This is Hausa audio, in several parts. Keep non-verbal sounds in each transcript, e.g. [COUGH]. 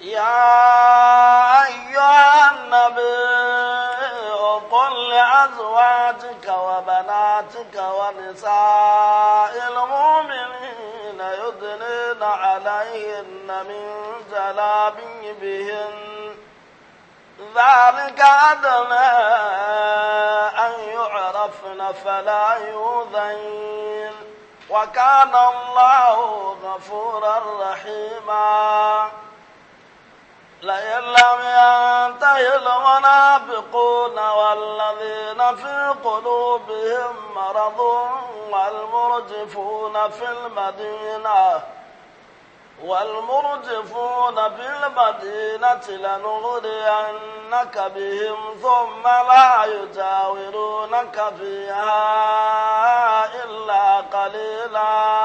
يا أيها النبي قل لأزواجك وبناتك ونساء المؤمنين يدنين عليهن من جلابيبهن ذلك أدنى أن يعرفن فلا يؤذين وكان الله غفورا رحيما لئن لم ينتهي المنافقون والذين في قلوبهم مرض والمرجفون في المدينة والمرجفون بالمدينة لنغرينك بهم ثم لا يجاورونك فيها إلا قليلاً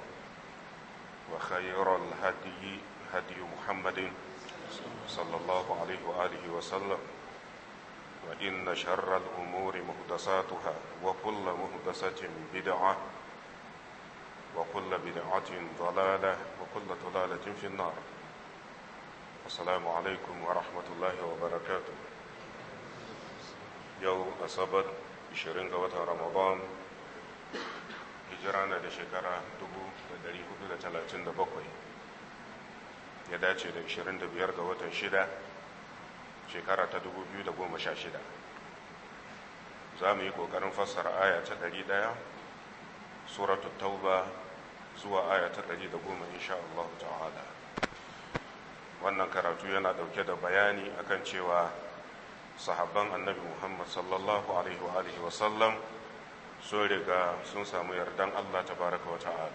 وخير الهدي هدي محمد صلى الله عليه وآله وسلم وإن شر الأمور مهدساتها وكل مهدسة بدعة وكل بدعة ضلالة وكل ضلالة في النار السلام عليكم ورحمة الله وبركاته يوم أصبت 20 رمضان hijira na da shekara 437 ya dace da 25 ga watan 6 shekara ta 2016 za mu yi ƙoƙarin fassara aya ta 100 suratu tauba zuwa aya ta 110 insha Allah ta'ala wannan karatu yana dauke da bayani akan cewa sahabban annabi muhammad sallallahu alaihi wa alihi sun riga sun samu yardan Allah tabaraka wa ta'ala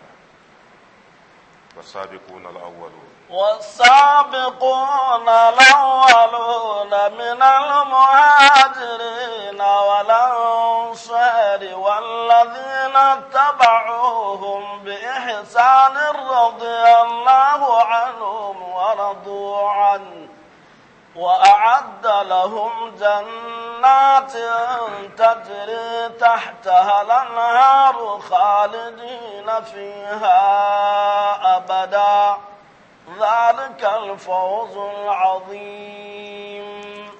والسابقون الأولون والسابقون الأولون من المهاجرين والأنصار والذين اتبعوهم بإحسان رضي الله عنهم ورضوا عنه وأعد لهم جنات تجري تحتها الأنهار خالدين فيها أبدا ذلك الفوز العظيم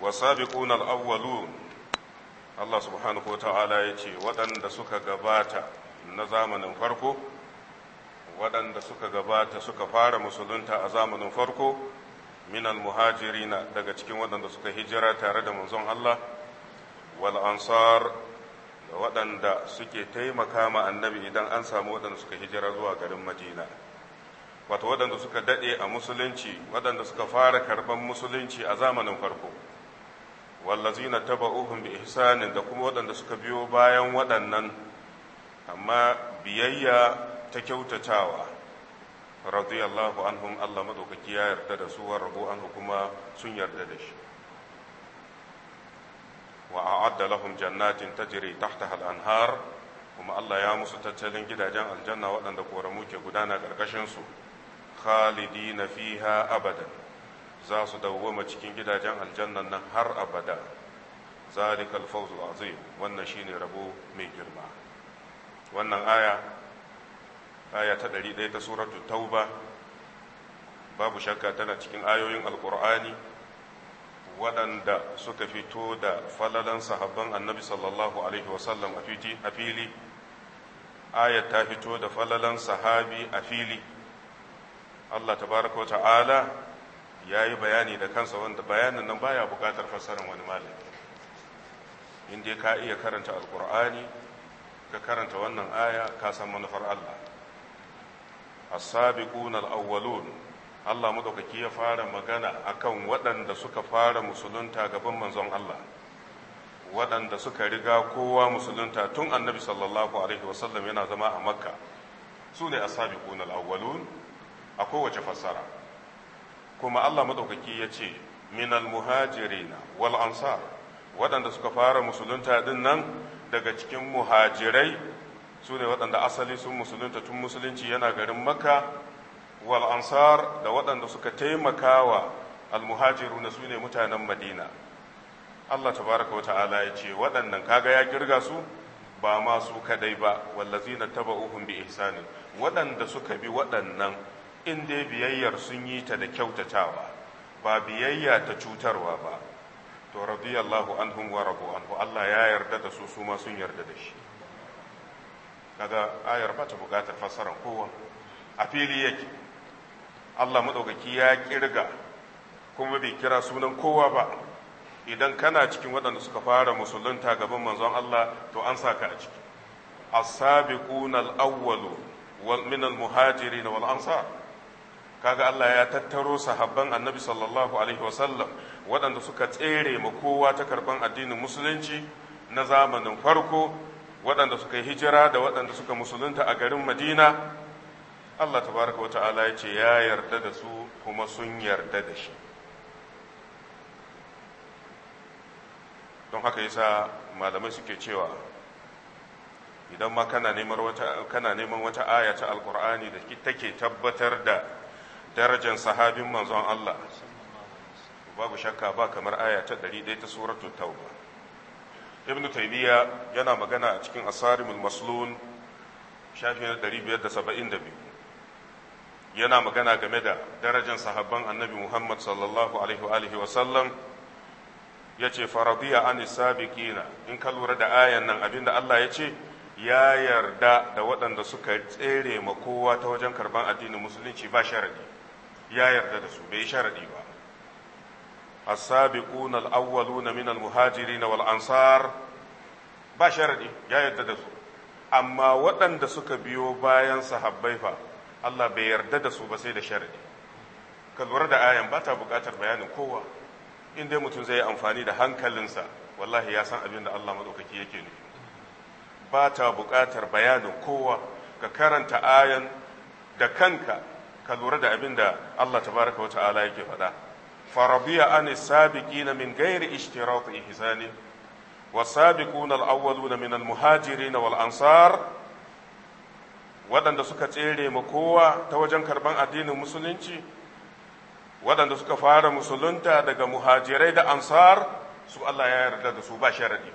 وسابقون الأولون الله سبحانه وتعالى يتي ودن سكا قباتا نظام فرقه waɗanda suka gabata suka fara musulunta a zamanin farko minal muhajirina daga cikin waɗanda suka hijira tare da manzon Allah wal ansar da waɗanda suke taimaka ma annabi idan an samu waɗanda suka hijira zuwa garin madina wato waɗanda suka daɗe a musulunci waɗanda suka fara karɓar musulunci a zamanin farko wallazina taba'uhum bi ihsanin da kuma waɗanda suka biyo bayan waɗannan amma biyayya ta kyautatawa radiyallahu anhum Allah madaukaki ya yarda da su wa rabu anhu kuma sun yarda da shi wa a'adda lahum jannatin tajri tahtaha al-anhar kuma Allah ya musu tattalin gidajen aljanna waɗanda koramu ke gudana ƙarƙashin su khalidina fiha abada za su dawwama cikin gidajen aljannan nan har abada zalikal fawzul azim wannan shine rabo mai girma wannan aya aya ta ɗaya ta suratul tauba babu shakka tana cikin ayoyin alkur'ani waɗanda suka fito da falalan sahabban annabi sallallahu alaihi wasallam a fili Aya ta fito da falalan sahabi a fili allah tabaraka wa ta'ala ya yi bayani da kansa wanda bayanin nan baya buƙatar fassarar wani malami inda ka iya karanta alkur'ani ka karanta wannan aya ka san manufar allah A sabiquna al-awwalun Allah madaukaki ya fara magana akan waɗanda suka fara musulunta gaban manzon Allah waɗanda suka riga kowa musulunta tun annabi sallallahu alaihi wasallam yana zama a makka su ne as-sabiquna al-awwalun a kowace fassara kuma Allah madaukaki ya ce minal muhajirina wal ansar waɗanda suka fara musulunta din nan daga cikin muhajirai su ne waɗanda asali sun musulunta tun musulunci yana garin makka wal ansar da waɗanda suka taimakawa almuhajiru na su ne mutanen madina allah tabaraka wata'ala ya ce waɗannan kaga ya kirga su ba ma su kadai ba wallazina taba'uhum bi ihsanin waɗanda suka bi waɗannan in dai biyayyar sun yi ta da kyautatawa ba biyayya ta cutarwa ba to radiyallahu anhum wa rabu anhu Allah ya yarda da su su ma sun yarda da shi kaga ayar ba ta bukatar fassarar kowa a fili yake Allah maɗaukaki ya kirga kuma bai kira sunan kowa ba idan kana cikin waɗanda suka fara musulunta gaban manzon Allah to an saka a ciki as-sabiquna al-awwalu min al-muhajirin wal ansar kaga Allah ya tattaro sahabban annabi sallallahu alaihi wasallam waɗanda suka tsere ma kowa ta karban addinin musulunci na zamanin farko waɗanda suka yi hijira da waɗanda suka musulunta a garin madina allah tabaraka wa ta'ala ya ce ya yarda da su kuma sun yarda da shi don haka yasa malamai suke cewa idan ma kana neman wata aya ta alkur'ani da take tabbatar da darajar sahabin manzon allah babu shakka ba kamar aya ta 100 ta suratul tauba ibn taymiya yana magana a cikin asarimul maslun shafi 572 yana magana game da darajar sahabban annabi muhammad sallallahu alaihi wa sallam ya ce faradiya an sabiqina in ka lura da ayan nan abinda allah ya ce ya yarda da waɗanda suka tsere ma kowa ta wajen karban addinin musulunci ba sharadi ya yarda da su bai sharadi ba as-sabiquna al-awwaluna min al-muhajirin wal ansar ba sharaɗi ya yarda da su amma waɗanda suka biyo bayan sahabbai fa Allah bai yarda da su ba sai da sharaɗi ka lura da ayan ba ta buƙatar bayanin kowa in dai mutum zai yi amfani da hankalinsa wallahi ya san abin da Allah maɗaukaki yake nufi ba ta buƙatar bayanin kowa ka karanta ayan da kanka ka lura da abin da Allah tabaraka wa ta'ala yake faɗa farabiya an sabiqina min ghairi ishtirat ihzani والسابقون الأولون من المهاجرين والأنصار waɗanda suka tsere ma kowa ta wajen karban addinin musulunci waɗanda suka fara musulunta daga muhajirai da ansar su Allah ya yarda da su ba sharadi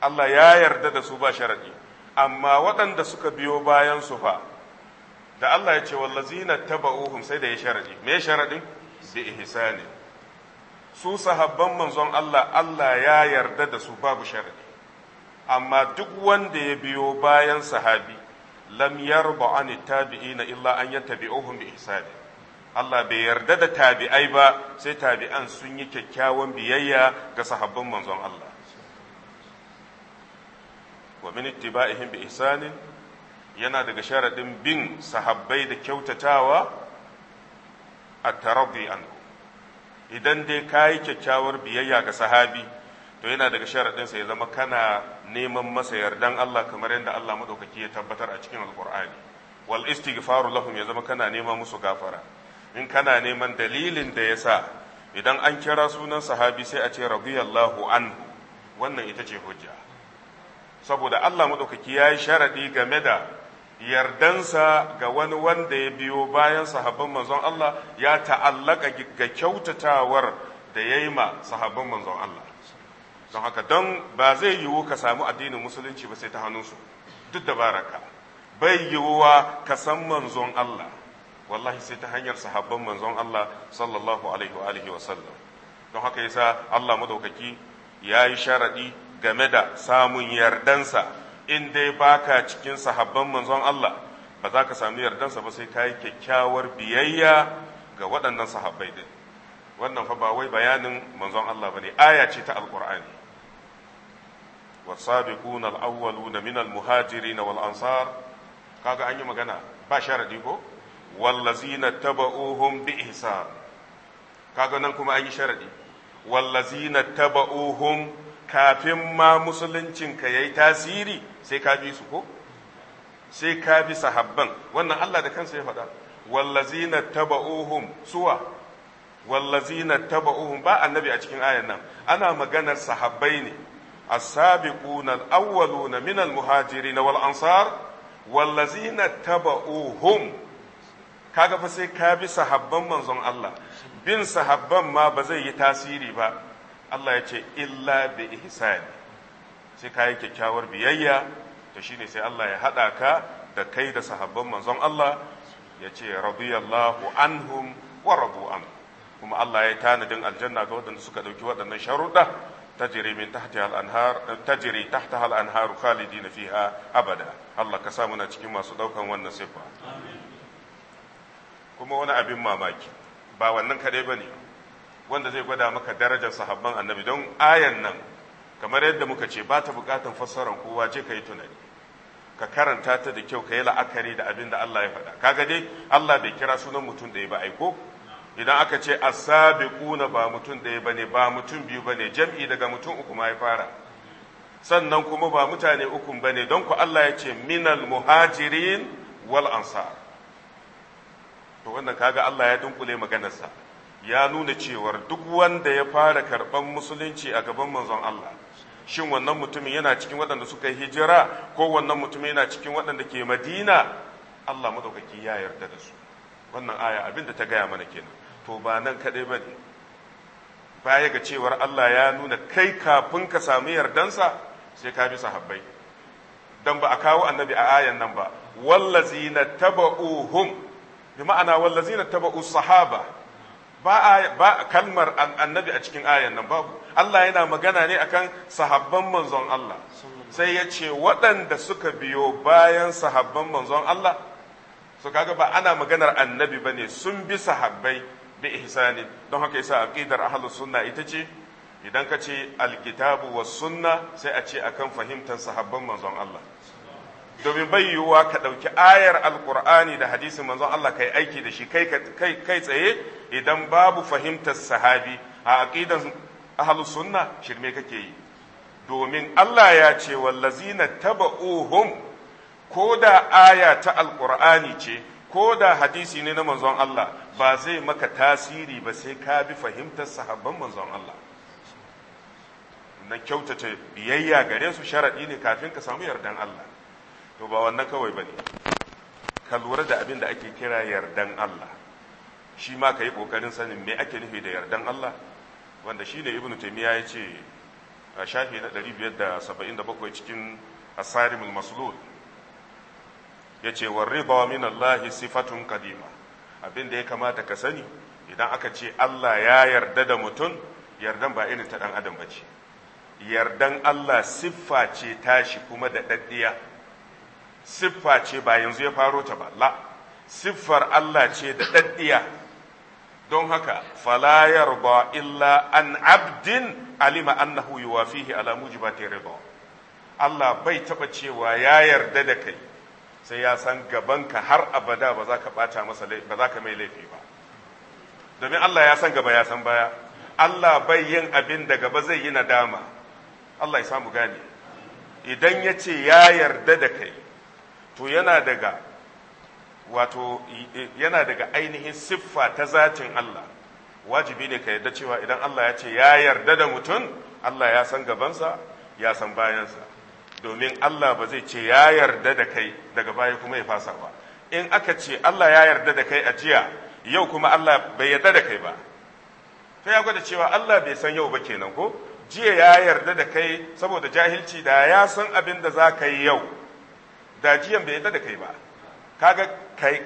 Allah ya yarda da su ba sharadi amma waɗanda suka biyo bayan su fa da Allah ya ce wallazina taba'uhum sai da ya sharadi me sharadin bi ihsani su sahabban manzon Allah Allah ya yarda da su babu sharadi amma duk wanda ya biyo bayan sahabi lam yarba an tabi'ina illa an yattabi'uhum bi ihsani Allah bai yarda da tabi'ai ba sai tabi'an sun yi kyakkyawan biyayya ga sahabban manzon Allah wa min ittiba'ihim bi ihsanin yana daga sharadin bin sahabbai da kyautatawa at-taradi anhu idan dai kayi kyakkyawar biyayya ga sahabi to yana daga sharaɗinsa ya zama kana neman masa yardan Allah kamar yadda Allah maɗaukaki ya tabbatar a cikin alƙur'ani wal istighfaru lahum ya zama kana neman musu gafara in kana neman dalilin da ya sa idan an kira sunan sahabi sai a ce radiyallahu anhu wannan ita ce hujja saboda Allah maɗaukaki ya yi sharaɗi game da yardansa ga wani wanda ya biyo bayan sahabban manzon Allah ya ta'allaka ga kyautatawar da ya yi ma sahabban manzon Allah don haka don ba zai yiwu ka samu addinin musulunci ba sai ta hannunsu duk da baraka bai yiwuwa ka san manzon Allah wallahi sai ta hanyar sahabban manzon Allah sallallahu alaihi wa alihi wa sallam don haka yasa Allah madaukaki ya yi sharadi game da samun yardansa in dai baka cikin sahabban manzon Allah ba za ka sami yardansa ba sai ka yi kyakkyawar biyayya ga waɗannan sahabbai din wannan fa ba wai bayanin manzon Allah bane aya ce ta alqur'ani والسابقون الأولون من المهاجرين والأنصار kaga an yi magana ba sharadi ko wallazina taba'uhum bi ihsan kaga nan kuma an yi sharadi wallazina taba'uhum kafin ma musuluncin ka yayi tasiri sai ka bi su ko sai ka bi sahabban wannan Allah da kansa ya faɗa wallazina taba'uhum suwa wallazina taba'uhum ba annabi a cikin ayan nan ana maganar sahabbai ne as-sabiquna al-awwaluna min al-muhajirin wal ansar wallazina taba'uhum kaga fa sai ka bi sahabban manzon Allah bin sahabban ma ba zai yi tasiri ba Allah ya ce illa bi ihsani sai ka yi kyakkyawar biyayya to shine sai Allah ya haɗa ka da kai da sahabban manzon Allah ya ce radiyallahu anhum wa radu an kuma Allah ya tanadin aljanna ga waɗanda suka ɗauki waɗannan sharuɗa tajiri min tahtiha al-anhar tajiri tahtaha al-anharu khalidin fiha abada Allah ka sa muna cikin masu ɗaukan wannan sifa kuma wani abin mamaki ba wannan kadai bane wanda zai gwada maka darajar sahabban annabi don ayan nan kamar yadda muka ce ba ta bukatan fassarar kowa je ka yi tunani ka karanta ta da kyau ka yi la'akari da abin da Allah ya faɗa kaga dai Allah bai kira sunan mutum da ya ba aiko idan aka ce asabiquna ba mutum ya bane ba mutum biyu bane jam'i daga mutum uku ma ya fara sannan kuma ba mutane uku bane don ku Allah ya ce minal muhajirin wal ansar to wannan kaga Allah ya dunkule maganarsa ya nuna cewar duk wanda ya fara karɓan musulunci a gaban manzon Allah shin wannan mutumin yana cikin waɗanda suka yi hijira ko wannan mutumin yana cikin waɗanda ke madina allah maɗaukaki ya yarda da su wannan aya abin da ta gaya mana kenan to ba nan kaɗai ba ne baya ga cewar allah ya nuna kai kafin ka samu yardansa sai ka bi sahabbai don ba a kawo annabi a ayan nan ba wallazina taba'uhum bi ma'ana wallazina taba'u sahaba ba ba kalmar annabi a cikin ayan nan babu Allah yana magana ne akan sahabban manzon Allah sai ya ce waɗanda suka biyo bayan sahabban manzon Allah su kaga ba ana maganar annabi bane sun bi sahabbai bi ihsani don haka yasa aqidar ahlus sunna ita ce idan ka ce alkitabu was sunna sai a ce akan fahimtar sahabban manzon Allah domin bai yiwuwa ka ɗauki ayar alƙur'ani da hadisin manzo Allah kai aiki da shi kai tsaye idan babu fahimtar sahabi a aqidan ahlus sunna shirme kake yi domin Allah ya ce wallazina taba'uhum ko da aya ta alkur'ani ce ko da hadisi ne na manzon Allah ba zai maka tasiri ba sai ka bi fahimtar sahabban manzon Allah na kyautata biyayya gare su sharaɗi ne kafin ka samu yardan Allah to ba wannan kawai bane ka lura da abin da ake kira yardan Allah shi ma ka yi ƙoƙarin sanin me ake nufi da yardan Allah wanda shi ne ibn taimiyya ya ce a shafi na 577 cikin asarimul maslul ya ce wa riba min Allah sifatun kadima abin da ya kamata ka sani idan aka ce Allah ya yarda da mutum yardan ba irin ta dan adam ba ce yardan Allah siffa ce tashi kuma da daddiya siffa ce ba yanzu ya faro ta ba la siffar Allah ce da daddiya don haka fala yarda illa an abdin alima annahu yuwafihi ala mujibati rida Allah bai taba cewa ya yarda da kai sai ya san gabanka har abada ba za ka bata masa ba za ka mai laifi ba domin Allah ya san gaba ya san baya Allah bai yin abin da gaba zai yi nadama Allah ya samu gane idan yace ya yarda da kai to yana daga wato yana daga ainihin siffa ta zatin Allah wajibi ne ka yarda cewa idan Allah ya ce ya yarda da mutum Allah ya san gabansa ya san bayansa domin Allah ba zai ce ya yarda da kai daga baya kuma ya fasa ba in aka ce Allah ya yarda da kai a jiya yau kuma Allah bai yarda da kai ba Ta ya gwada cewa Allah bai san yau ba kenan ko jiya ya yarda da kai saboda jahilci da ya san abin da za ka yi yau dajiyan bai yadda da kai ba kaga kai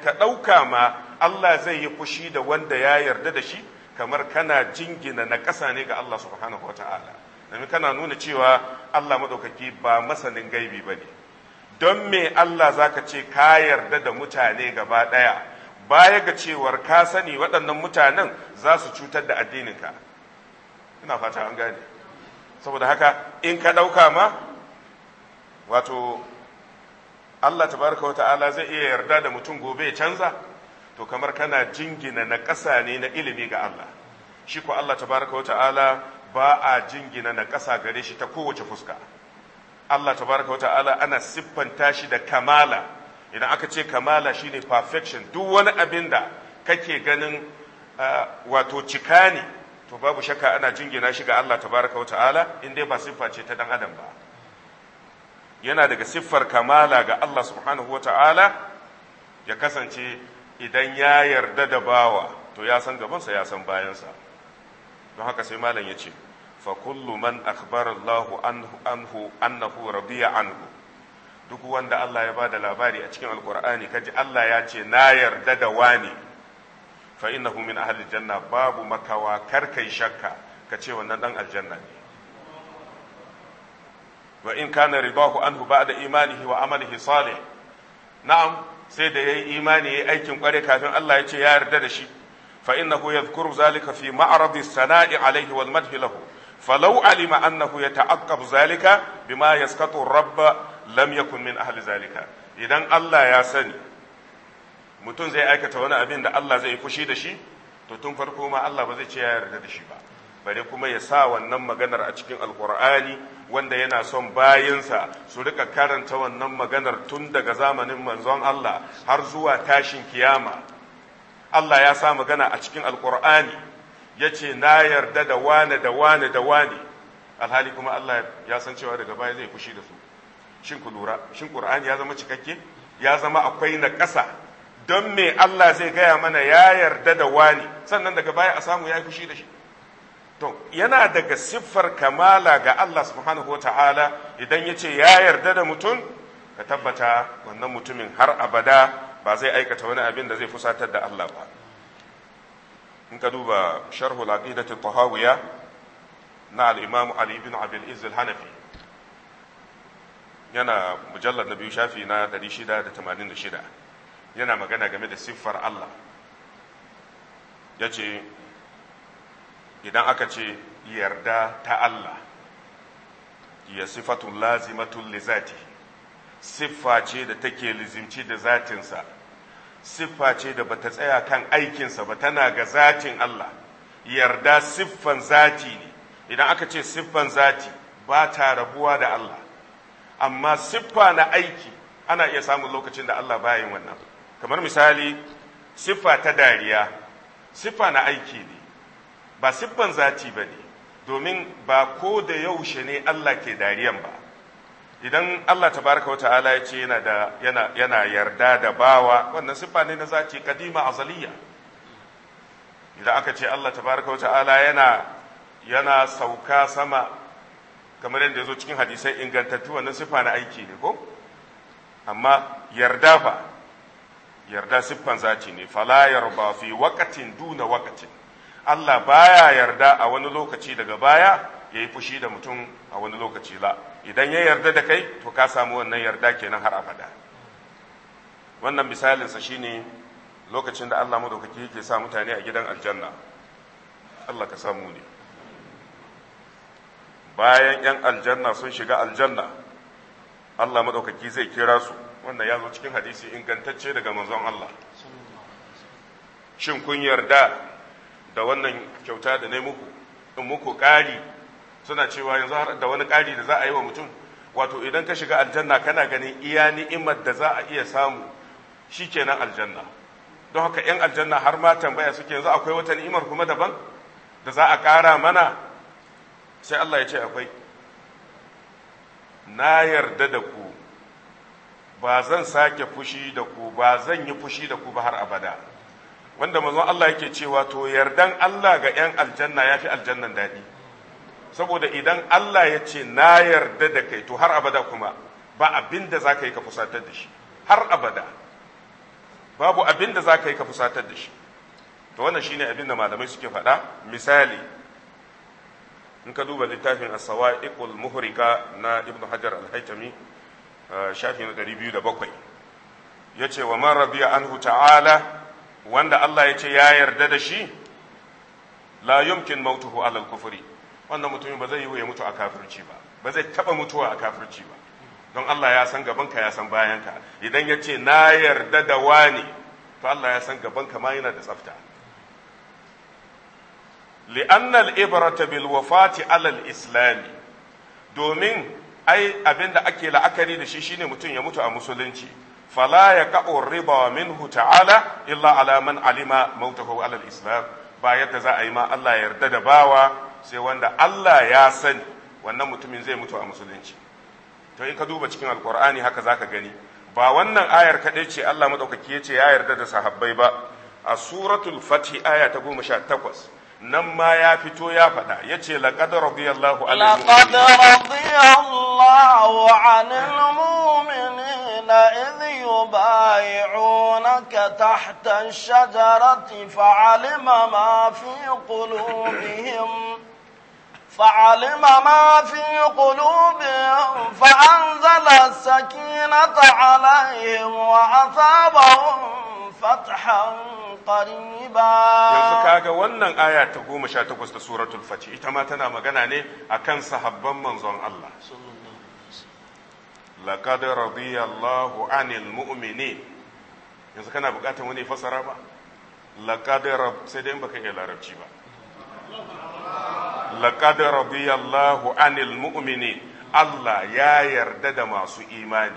ka ɗauka ma Allah zai yi fushi da wanda ya yarda da shi kamar kana jingina na ƙasa ne ga Allah subhanahu wata'ala domin kana nuna cewa Allah madaukaki ba masanin gaibi ba ne don me Allah zaka ce ka yarda da mutane gaba ɗaya baya ga cewar ka sani waɗannan mutanen za su cutar da addininka ina fata an gane saboda haka in ka ɗauka ma wato Allah tabaraka wata'ala zai iya yarda da mutum gobe ya canza to kamar kana jingina na ƙasa ne na ilimi ga Allah shi ko Allah tabaraka wata'ala ba a jingina na ƙasa gare shi ta kowace fuska Allah tabaraka wata'ala ana siffanta shi da kamala idan aka ce kamala shine perfection duk wani abin da kake ganin wato cika ne to babu shaka ana jingina shi ga Allah tabaraka wata'ala in dai ba siffa ce ta dan adam ba yana daga siffar kamala ga Allah subhanahu wa ta'ala ya kasance idan ya yarda da bawa to ya san gabansa ya san bayansa don haka sai malam ya ce fa kullu man Allahu anhu annahu radiya anhu duk wanda Allah ya ba da labari a cikin alkur'ani kaji Allah ya ce na yarda da wani fa innahu min ahli janna babu makawa kar kai shakka ka ce wannan dan aljanna ne wa in kana ridahu anhu ba'da imanihi wa amalihi salih na'am sai da yayi imani yayi aikin kware kafin Allah ya ce ya yarda da shi fa innahu yadhkuru zalika fi ma'radi sana'i alayhi wal madhi lahu falau alima annahu yata'aqqab zalika bima yasqatu rabba lam yakun min ahli zalika idan Allah ya sani mutum zai aikata wani abin da Allah zai fushi da shi to tun farko ma Allah ba zai ce ya yarda da shi ba bare kuma ya sa wannan maganar a cikin alqur'ani wanda yana son bayinsa su rika karanta wannan maganar tun daga zamanin manzon Allah har zuwa tashin kiyama Allah ya sa magana a cikin alkur'ani ya ce na yarda da wane da wane da wane alhali kuma Allah ya san cewa daga baya zai fushi da su shin ku lura shin ƙur'ani ya zama cikakke ya zama akwai na ƙasa don me Allah zai gaya mana ya yarda da wani sannan daga baya a samu ya yi fushi da shi to yana daga siffar kamala ga Allah subhanahu wa ta'ala idan ya ce ya yarda da mutum ka tabbata wannan mutumin har abada ba zai aikata wani abin da zai fusatar da Allah ba in ka duba sharhul aqidatu tahawiyya na al-imam Ali ibn hanafi yana mujallar na biyu shafi na 686 yana magana game da siffar Allah yace. idan aka ce yarda ta Allah ya sifatun lazimatun lizati siffa ce da take lizimci da zatinsa siffa ce da bata tsaya kan aikinsa ba tana ga zatin Allah yarda siffan zati ne idan aka ce siffan zati ba ta rabuwa da Allah amma siffa na aiki ana iya samun lokacin da Allah bayan wannan kamar misali siffa ta dariya siffa na aiki ne ba siffan zati ba ne domin ba ko da yaushe ne Allah ke dariyan ba idan Allah baraka wa ta'ala ya ce yana yarda da bawa wannan siffa ne na zati kadima azaliya idan aka ce Allah tabaraka wa ta'ala yana yana sauka sama kamar yadda ya zo cikin hadisai ingantattu wannan siffa na aiki ne ko amma yarda ba yarda siffan zati ne fala yarba fi wakatin duna wakatin. Allah baya yarda a wani lokaci daga baya ya yi fushi da mutum a wani lokaci la idan ya yarda da kai to ka samu wannan yarda kenan har abada wannan misalinsa shine lokacin da Allah madaukaki yake sa mutane a gidan aljanna Allah ka samu ne bayan 'yan aljanna sun shiga aljanna Allah madaukaki zai kira su wannan ya zo cikin hadisi ingantacce daga manzon Allah shin kun yarda da wannan kyauta da na muku in muku ƙari suna cewa yanzu har da wani ƙari da za a yi wa mutum wato idan ka shiga aljanna kana ganin iya ni'imar da za a iya samu shi kenan aljanna don haka 'yan aljanna har ma tambaya suke yanzu akwai wata ni'imar kuma daban da za a ƙara mana sai Allah ya ce akwai na yarda da ku ba zan sake fushi da ku ba zan yi fushi da ku ba har abada wanda manzon Allah yake cewa to yardan Allah ga 'yan aljanna ya fi aljannan daɗi saboda idan Allah ya ce na yarda da kai to har abada kuma ba abin da yi ka fusatar da shi har abada babu abinda zaka yi ka fusatar da shi to wannan shine abin da malamai suke faɗa misali in ka duba littafin as-sawa'iqul muhrika na Ibn hajar al-haytami uh, shafi na 207 yace wa man radiya anhu ta'ala wanda Allah ya ce ya yarda da shi la yumkin mautuhu alal kufri wannan mutumin ba zai yi ya mutu a kafirci ba ba zai taba mutuwa a kafirci ba don Allah ya san gabanka ya san bayanka idan ya ce na yarda da wani to Allah ya san gabanka ma yana da tsafta li'anna al-ibrata bil wafati alal islami domin ai abinda ake la'akari da shi shine mutum ya mutu a musulunci fala ya ka'ur riba minhu ta'ala illa ala man alima mautahu ala islam ba yadda za a yi ma Allah yarda da bawa sai wanda Allah ya sani wannan mutumin zai mutu a musulunci to in ka duba cikin alkur'ani haka zaka gani ba wannan ayar kaɗai ce Allah maɗaukaki ya ce ya yarda da sahabbai ba a suratul fatih aya ta goma takwas nan ma ya fito ya faɗa ya ce laƙad radiyallahu anil mu'minin إذ يبايعونك تحت الشجرة فعلم ما في قلوبهم فعلم ما في قلوبهم فأنزل السكينة عليهم وأثابهم فتحا yanzu kaga wannan aya ta goma sha takwas da suratul faci ita ma tana magana ne kan sahabban manzon Allah laqad radiyallahu anil mu'minin yanzu kana bukatar wani fasara ba laqad rab sai dai baka iya larabci ba laqad radiyallahu anil mu'minin Allah ya yarda da masu imani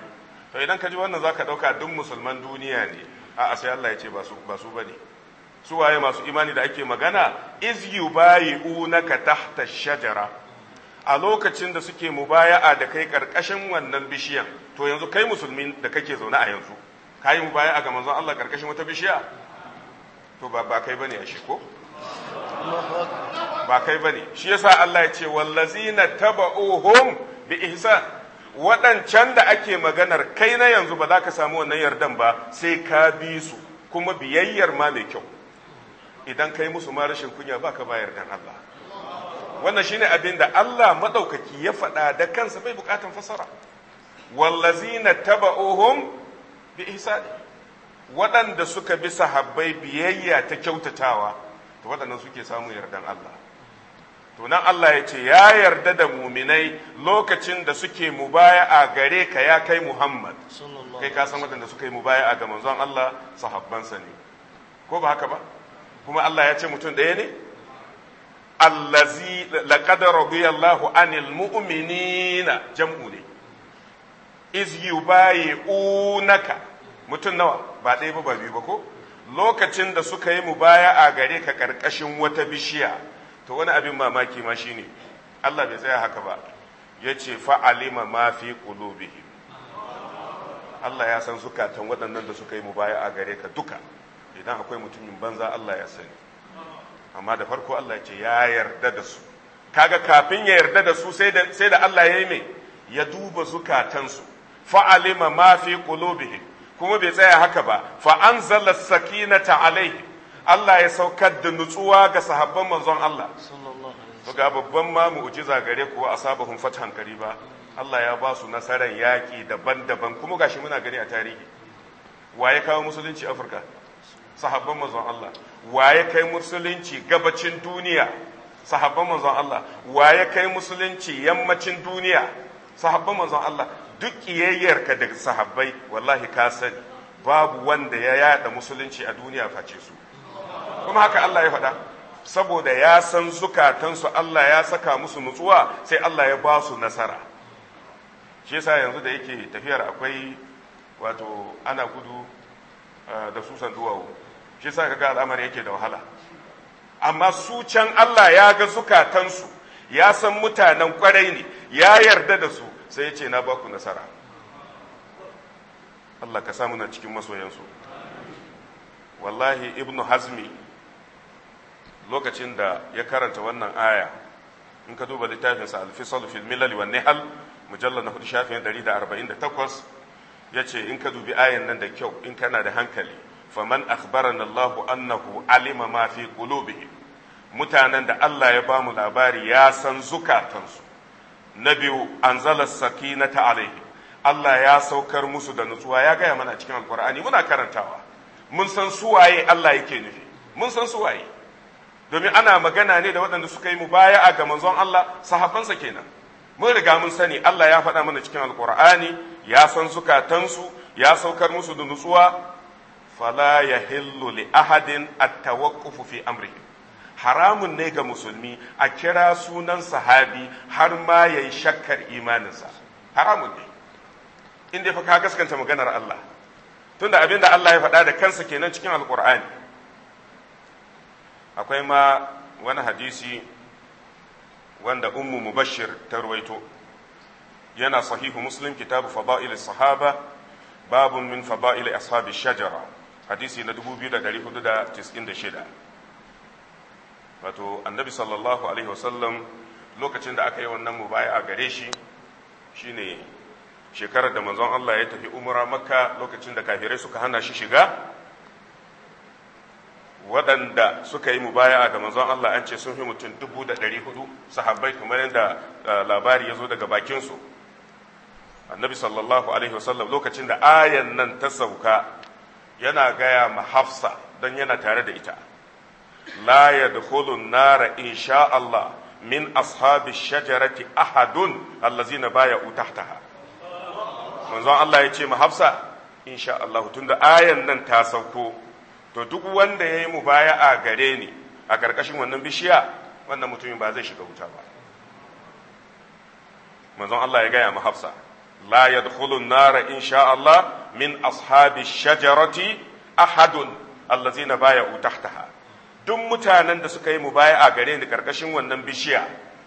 to idan ka ji wannan zaka dauka duk musulman duniya ne a'a sai Allah ya ce ba su ba su bane su waye masu imani da ake magana iz yubayi'unaka tahta shajara a lokacin da suke mubaya'a da kai karkashin wannan bishiyan to yanzu kai musulmi da kake zaune a yanzu kayi mubaya'a ga manzon Allah karkashin wata bishiya to ba kai bane a shi ko ba kai bane shi yasa Allah ya ce wallazina taba'uhum bi ihsan waɗancan da ake maganar kai na yanzu ba za ka samu wannan yardan ba sai ka bi su kuma biyayyar ma mai kyau idan kai musu ma rashin kunya ba ka ba yardan Allah wannan shine abin da Allah maɗaukaki ya faɗa da kansa bai bukatan fasara wallazina taba'uhum bi ihsani waɗanda suka bi sahabbai biyayya ta kyautatawa to waɗannan suke samun yardan Allah to nan Allah ya ce ya yarda da muminai lokacin da suke mubaya'a gare ka ya kai Muhammad kai ka san waɗanda suka yi a ga manzon Allah sahabbansa ne ko ba haka ba kuma Allah ya ce mutum ɗaya ne allazi laqad radiyallahu anil mu'minina jam'u ne iz yubayi'unaka mutum nawa ba ɗaya ba biyu ba ko lokacin da suka yi a gare ka karkashin wata bishiya to wani abin mamaki ma shine Allah bai tsaya haka ba yace fa alima ma fi qulubihim Allah ya san zukatan waɗannan da suka yi a gare ka duka idan akwai mutumin banza Allah ya sani amma da farko Allah ya ce ya yarda da su kaga kafin ya yarda da su sai da sai da Allah ya yi mai ya duba zukatansu fa'alima ma fi qulubihim kuma bai tsaya haka ba fa anzala sakinata alaihi Allah ya saukar da nutsuwa ga sahabban manzon Allah ga babban ma mu'jiza gare kuwa asabahum fathan qariba Allah ya ba su nasarar yaƙi daban-daban kuma gashi muna gani a tarihi wa ya kawo musulunci Afirka sahabban manzon Allah waye kai musulunci gabacin duniya sahabban manzon Allah waye kai musulunci yammacin duniya sahabban manzon Allah duk ka da sahabbai wallahi ka sani babu wanda ya yada musulunci a duniya face su kuma haka Allah ya faɗa saboda ya san zukatansu Allah ya saka musu nutsuwa sai Allah ya ba su nasara shi yasa yanzu da yake tafiyar akwai wato ana gudu eh, da susan duwawu shi sa kaga al'amari yake da wahala amma su can Allah ya ga zukatansu ya san mutanen kwarai ne ya yarda da su sai ya ce na ba ku nasara Allah ka samu na cikin masoyansu wallahi ibnu hazmi lokacin da ya karanta wannan aya in ka duba littafinsa alfisal fil milal wa nihal mujallal na hudu shafin 148 ya ce in ka dubi ayan nan da kyau in kana da hankali faman akhbarana Allah annahu alima ma fi qulubihim mutanen da Allah ya bamu labari ya san zukatansu na biyu anzala na ta'alai Allah ya saukar musu da nutsuwa ya gaya mana cikin alkur'ani muna karantawa mun san suwaye Allah yake nufi mun san suwaye domin ana magana ne da waɗanda suka yi mu baya a ga manzon Allah sahabbansa kenan mun riga mun sani Allah ya faɗa mana cikin alkur'ani ya san zukatansu ya saukar musu da nutsuwa fala yahillu li ahadin at-tawaqqufu fi amrihi haramun ne ga musulmi a kira sunan sahabi har ma ya shakkar imaninsa haramun ne inda fa ka gaskanta maganar Allah tunda abin da Allah ya faɗa da kansa kenan cikin alkur'ani akwai ma wani hadisi wanda ummu mubashir ta ruwaito yana sahihu muslim kitabu fada'il sahaba babun min fada'il ashabi shajara hadisi na 2496 wato annabi sallallahu alaihi wasallam lokacin da aka yi wannan mubaya a gare shi shine shekarar da manzon Allah ya tafi umra makka lokacin da kafirai suka hana shi shiga waɗanda suka yi mubaya da manzon Allah an ce sun fi mutum dubu da sahabbai kamar yadda labari ya zo daga bakinsu annabi sallallahu alaihi wasallam lokacin da ayan nan ta sauka yana gaya ma hafsa don yana tare da ita la yadkhulun nara in sha Allah min ashabi shajarati ahadun allazina baya'u tahtaha manzon Allah ya ce ma hafsa insha Allah tunda ayan nan ta sauko to duk wanda yayi a gare ni a karkashin wannan bishiya wannan mutumin ba zai shiga wuta ba manzon Allah ya gaya ma hafsa la yadkhulun nara insha Allah min ashabi shajarati ahadun allazina baya'u tahtaha duk mutanen da suka yi a gare ni karkashin wannan bishiya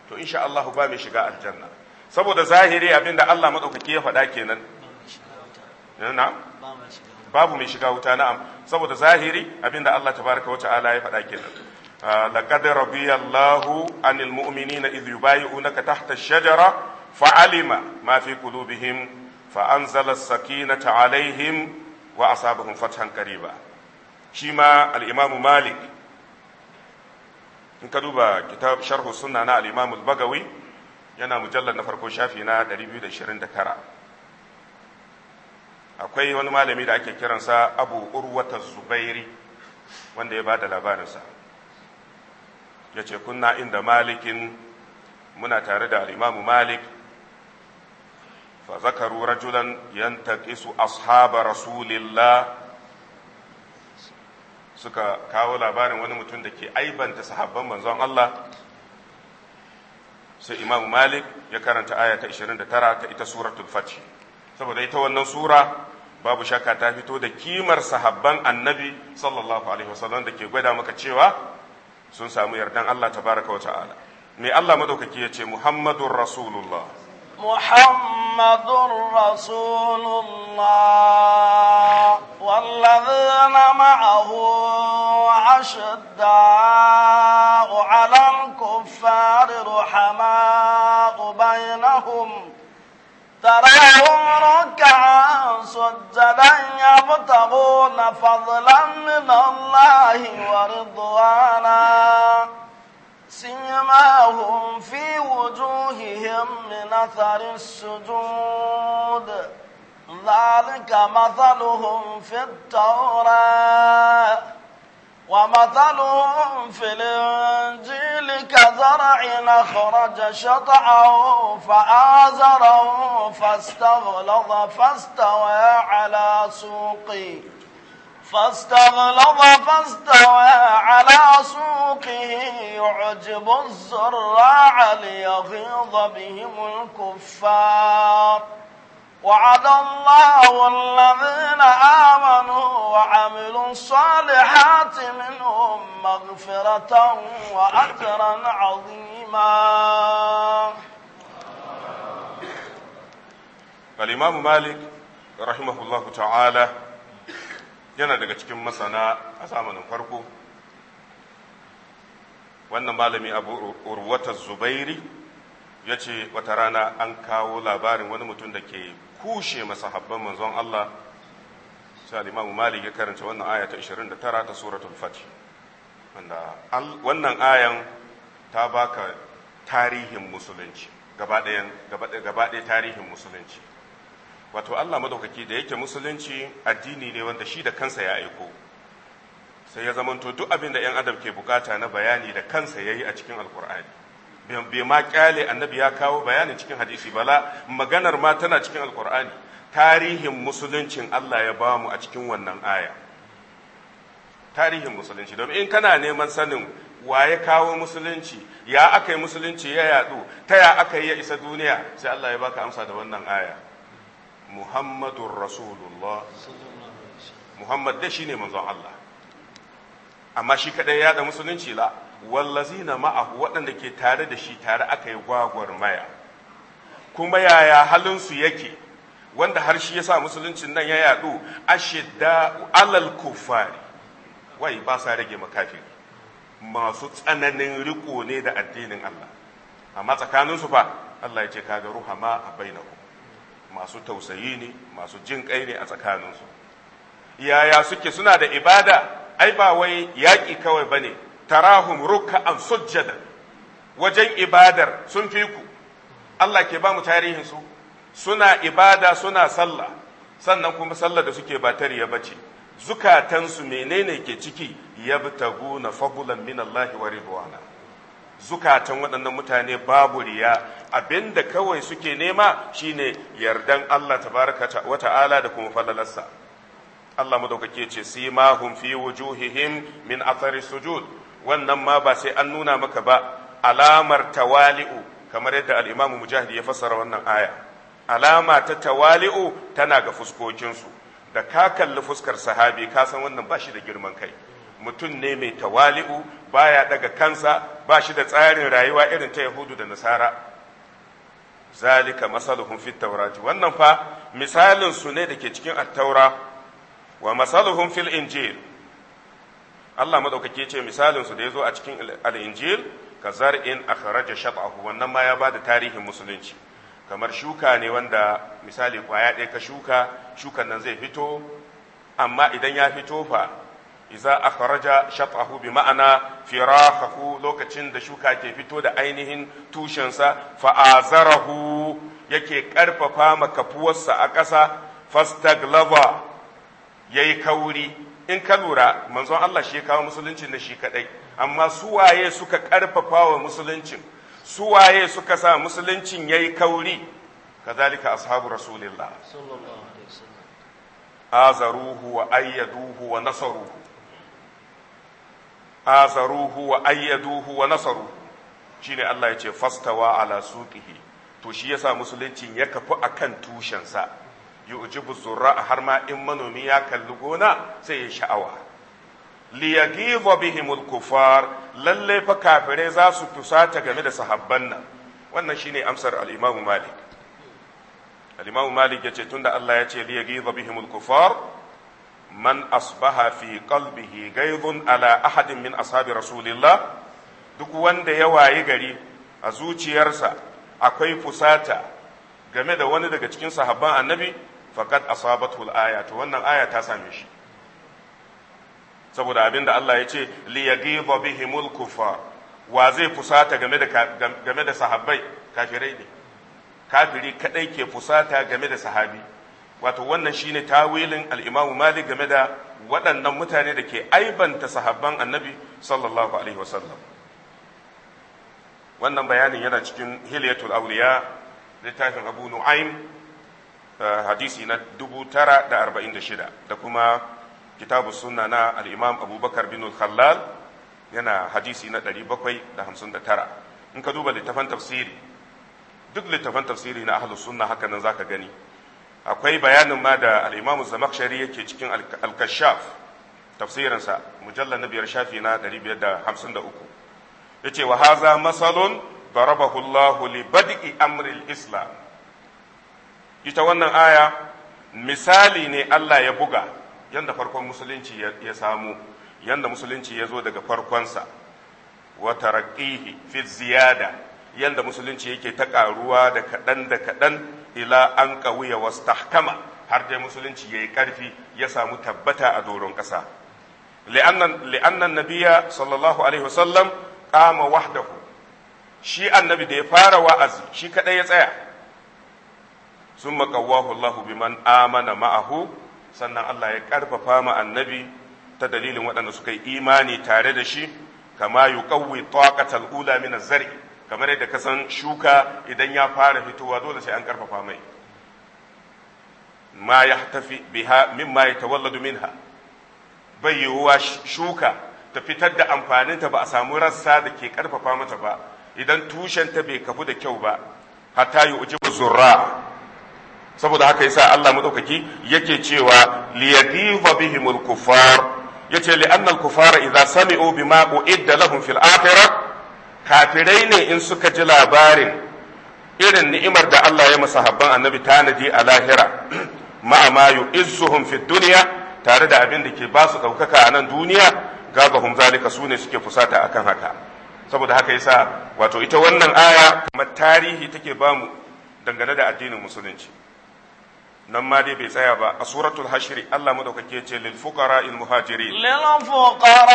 to insha Allah ba mai shiga aljanna saboda zahiri abinda Allah madaukaki ya faɗa kenan babu mai shiga wuta saboda zahiri abinda Allah tabaraka wata'ala ya faɗa kenan laqad radiyallahu anil mu'minina idh yubayi'unaka tahta ash-shajara fa'alima ma fi قلوبهم fa anzala عليهم alaihim فتحا قريبا fathan qariba shi ma al'imamu malik in ka duba kitab sharhu sunna na al bagawi yana mujallar na farko shafi na 229 akwai wani malami da ake kiransa abu urwata zubairi wanda ya ba da labarinsa ya ce kunna inda malikin muna tare da al'imamu malik fa zakaru rajulan isu ashaba rasulillah suka kawo labarin wani mutum da ke aibanta sahabban manzon Allah sai imamu malik ya karanta aya ta 29 ta ita suratul fath saboda ita wannan sura babu shakka ta fito da kimar sahabban annabi sallallahu alaihi wasallam da ke gwada maka cewa sun samu yardan Allah tabaraka wa ta'ala me Allah madaukaki ya ce muhammadur rasulullah محمد رسول الله والذين معه أشداء على الكفار رحماء بينهم تراهم ركعا سجدا يبتغون فضلا من الله ورضوانا سيماهم في وجوههم من أثر السجود ذلك مثلهم في التوراة ومثلهم في الإنجيل كزرع أخرج شطعه فآزره فاستغلظ فاستوى على سوقه فاستغلظ فاستوى على سوقه يعجب الزراع ليغيظ بهم الكفار وعد الله الذين آمنوا وعملوا الصالحات منهم مغفرة وأجرا عظيما الإمام مالك رحمه الله تعالى yana daga cikin masana a zamanin farko wannan malami abu urwata zubairi ya ce wata rana an kawo labarin wani mutum da ke kushe masahabban manzon Allah sai imamu malik ya karanta wannan aya ta 29 ta suratul fatih wanda wannan ayan ta baka tarihin musulunci gaba ɗaya tarihin musulunci wato Allah madaukaki da yake musulunci addini ne wanda shi da kansa ya aiko sai ya zamanto duk abin da 'yan adam ke bukata na bayani da kansa ya yi a cikin alkur'ani bai ma kyale annabi ya kawo bayanin cikin hadisi bala maganar ma tana cikin alkur'ani tarihin musuluncin Allah ya bamu a cikin wannan aya tarihin musulunci domin in kana neman sanin wa ya kawo musulunci ya aka yi musulunci ya yadu ta ya aka yi ya isa duniya sai Allah ya baka amsa da wannan aya muhammadun rasulullah muhammad da shine manzon Allah amma shi kadai ya da musulunci la wallazina ma'ahu waɗanda ke tare da shi tare aka yi gwagwarmaya kuma yaya halinsu yake wanda har shi yasa musuluncin nan ya yadu ashidda alal kufari wai ba sa rage makafir masu tsananin riko ne da addinin Allah amma tsakaninsu fa Allah ya ce kaga ruhama a bainakum masu tausayi ne masu jin kai ne a tsakaninsu yaya suke suna da ibada ai ba wai yaƙi kawai ba ne tarahum rukka'an sujjada wajen ibadar sun fi ku Allah ke ba mu tarihinsu suna ibada suna sallah sannan kuma sallah da suke ba tariya bace zukatansu menene ke ciki yabtaguna fadlan min Allah wa ridwana zukatan waɗannan mutane babu riya Abin da kawai suke nema shine yardan Allah Ta tabaraka wa ta'ala da kuma falalarsa Allah madaukake ce ma simahum fi wujuhihim min athari sujud wannan ma ba sai an nuna maka ba alamar tawali'u kamar yadda al-Imam Mujahid ya fassara wannan aya alama ta tawali'u tana ga fuskokinsu da ka kalli fuskar sahabi ka san wannan ba shi da girman kai mutum ne mai tawali'u baya daga kansa ba shi da tsarin rayuwa irin ta Yahudu da Nasara zalika masaluhum fit taurati wannan fa misalin su ne dake cikin at-taura wa masaluhum fil injil Allah madaukake ce misalin su da yazo a cikin al-injil ka zar'in akhraja shat'ahu wannan ma ya bada tarihin musulunci kamar shuka ne wanda misali kwaya ɗaya ka shuka shukan nan zai fito amma idan ya fito fa iza akhraja shatahu bi ma'ana firahahu lokacin da shuka ke fito da ainihin tushensa fa'azarahu yake karfafa makafuwarsa a ƙasa fastaglava yayi kauri in ka lura manzon Allah shi ya kawo musuluncin da shi kadai amma su waye suka karfafa wa musuluncin su waye suka sa musuluncin yayi kauri kazalika ashabu rasulillah sallallahu alaihi wasallam azaruhu wa ayyaduhu wa nasaruhu azaruhu wa ayyaduhu wa nasaru shine Allah ya ce fastawa ala suqihi to shi yasa musulunci ya kafu akan tushensa yu'jibu zurra har ma in manomi ya kalli gona sai ya sha'awa liyaghiza bihimul kufar lalle fa kafirai za su tusata game da sahabban nan wannan shine amsar al-Imam Malik al-Imam Malik yace tunda Allah ya ce liyaghiza bihimul kufar man asbaha fi qalbihi ghaidun ala ahadin min ashabi rasulillah duk wanda ya wayi gari a zuciyarsa akwai fusata game da wani daga cikin sahabban annabi faqad asabatul aya to wannan aya ta same shi saboda abin da Allah ya ce li yaghiba bihimul kufar wa zai fusata game da game da sahabbai kafirai ne kafiri kadai ke fusata game da sahabi wato wannan shine tawilin al mali Malik game da waɗannan mutane da ke aibanta sahabban Annabi sallallahu alaihi wasallam wannan bayanin yana cikin hiliyatul auliya littafin Abu Nu'aym eh, hadisi na 946 da kuma kitabu sunna na al-Imam Abubakar bin al-Khallal yana hadisi na 759 in ka duba littafan tafsiri duk littafan tafsiri na ahlus sunna haka nan zaka gani akwai bayanin ma da al'imamu zamakshari yake cikin alkashaf tafsirinsa mujallar na biyar shafi na 553 ya ce wa haza masalun barabahu li bad'i amril islam ita wannan aya misali ne Allah ya buga yadda farkon musulunci ya samu yadda musulunci ya zo daga farkonsa wata raƙihi fi ziyada yadda musulunci yake ta ƙaruwa da kaɗan da kaɗan ila an wasu wastahkama har dai musulunci yayi karfi ya samu tabbata a doron kasa li'annan nabiya sallallahu alaihi wasallam qama wahdahu shi annabi da ya fara wa'azi shi kadai ya tsaya summa qawwahu Allah biman amana ma'ahu sannan Allah ya karfafa ma annabi ta dalilin waɗanda suka yi imani tare da shi kama yuqawwi taqatal ula min az-zar'i kamar yadda ka san shuka idan ya fara fitowa dole sai an karfafa mai ma ya tafi biha ma ya tawalladu minha bai yiwuwa shuka ta fitar da amfaninta ba a samu rassa da ke karfafa mata ba idan tushenta bai kafu da kyau ba hatta yi uji zurra saboda haka yasa Allah madaukaki yake cewa liyadifa bihimul kufar yace li annal kufara idza sami'u bima uidda lahum fil akhirah kafirai ne in suka ji labarin irin ni'imar da Allah ya musahabban annabi tanadi a lahira [CLEARS THROAT] ma'amayu yu izzuhum fi dunya tare da abin da ke ba su ɗaukaka a nan duniya gabahum zalika su ne suke fusata akan haka saboda haka yasa wato ita wannan aya kamar tarihi take bamu dangane da addinin musulunci nan ma dai bai tsaya ba a suratul hashri Allah madaukake ce lil fuqara il muhajirin lil fuqara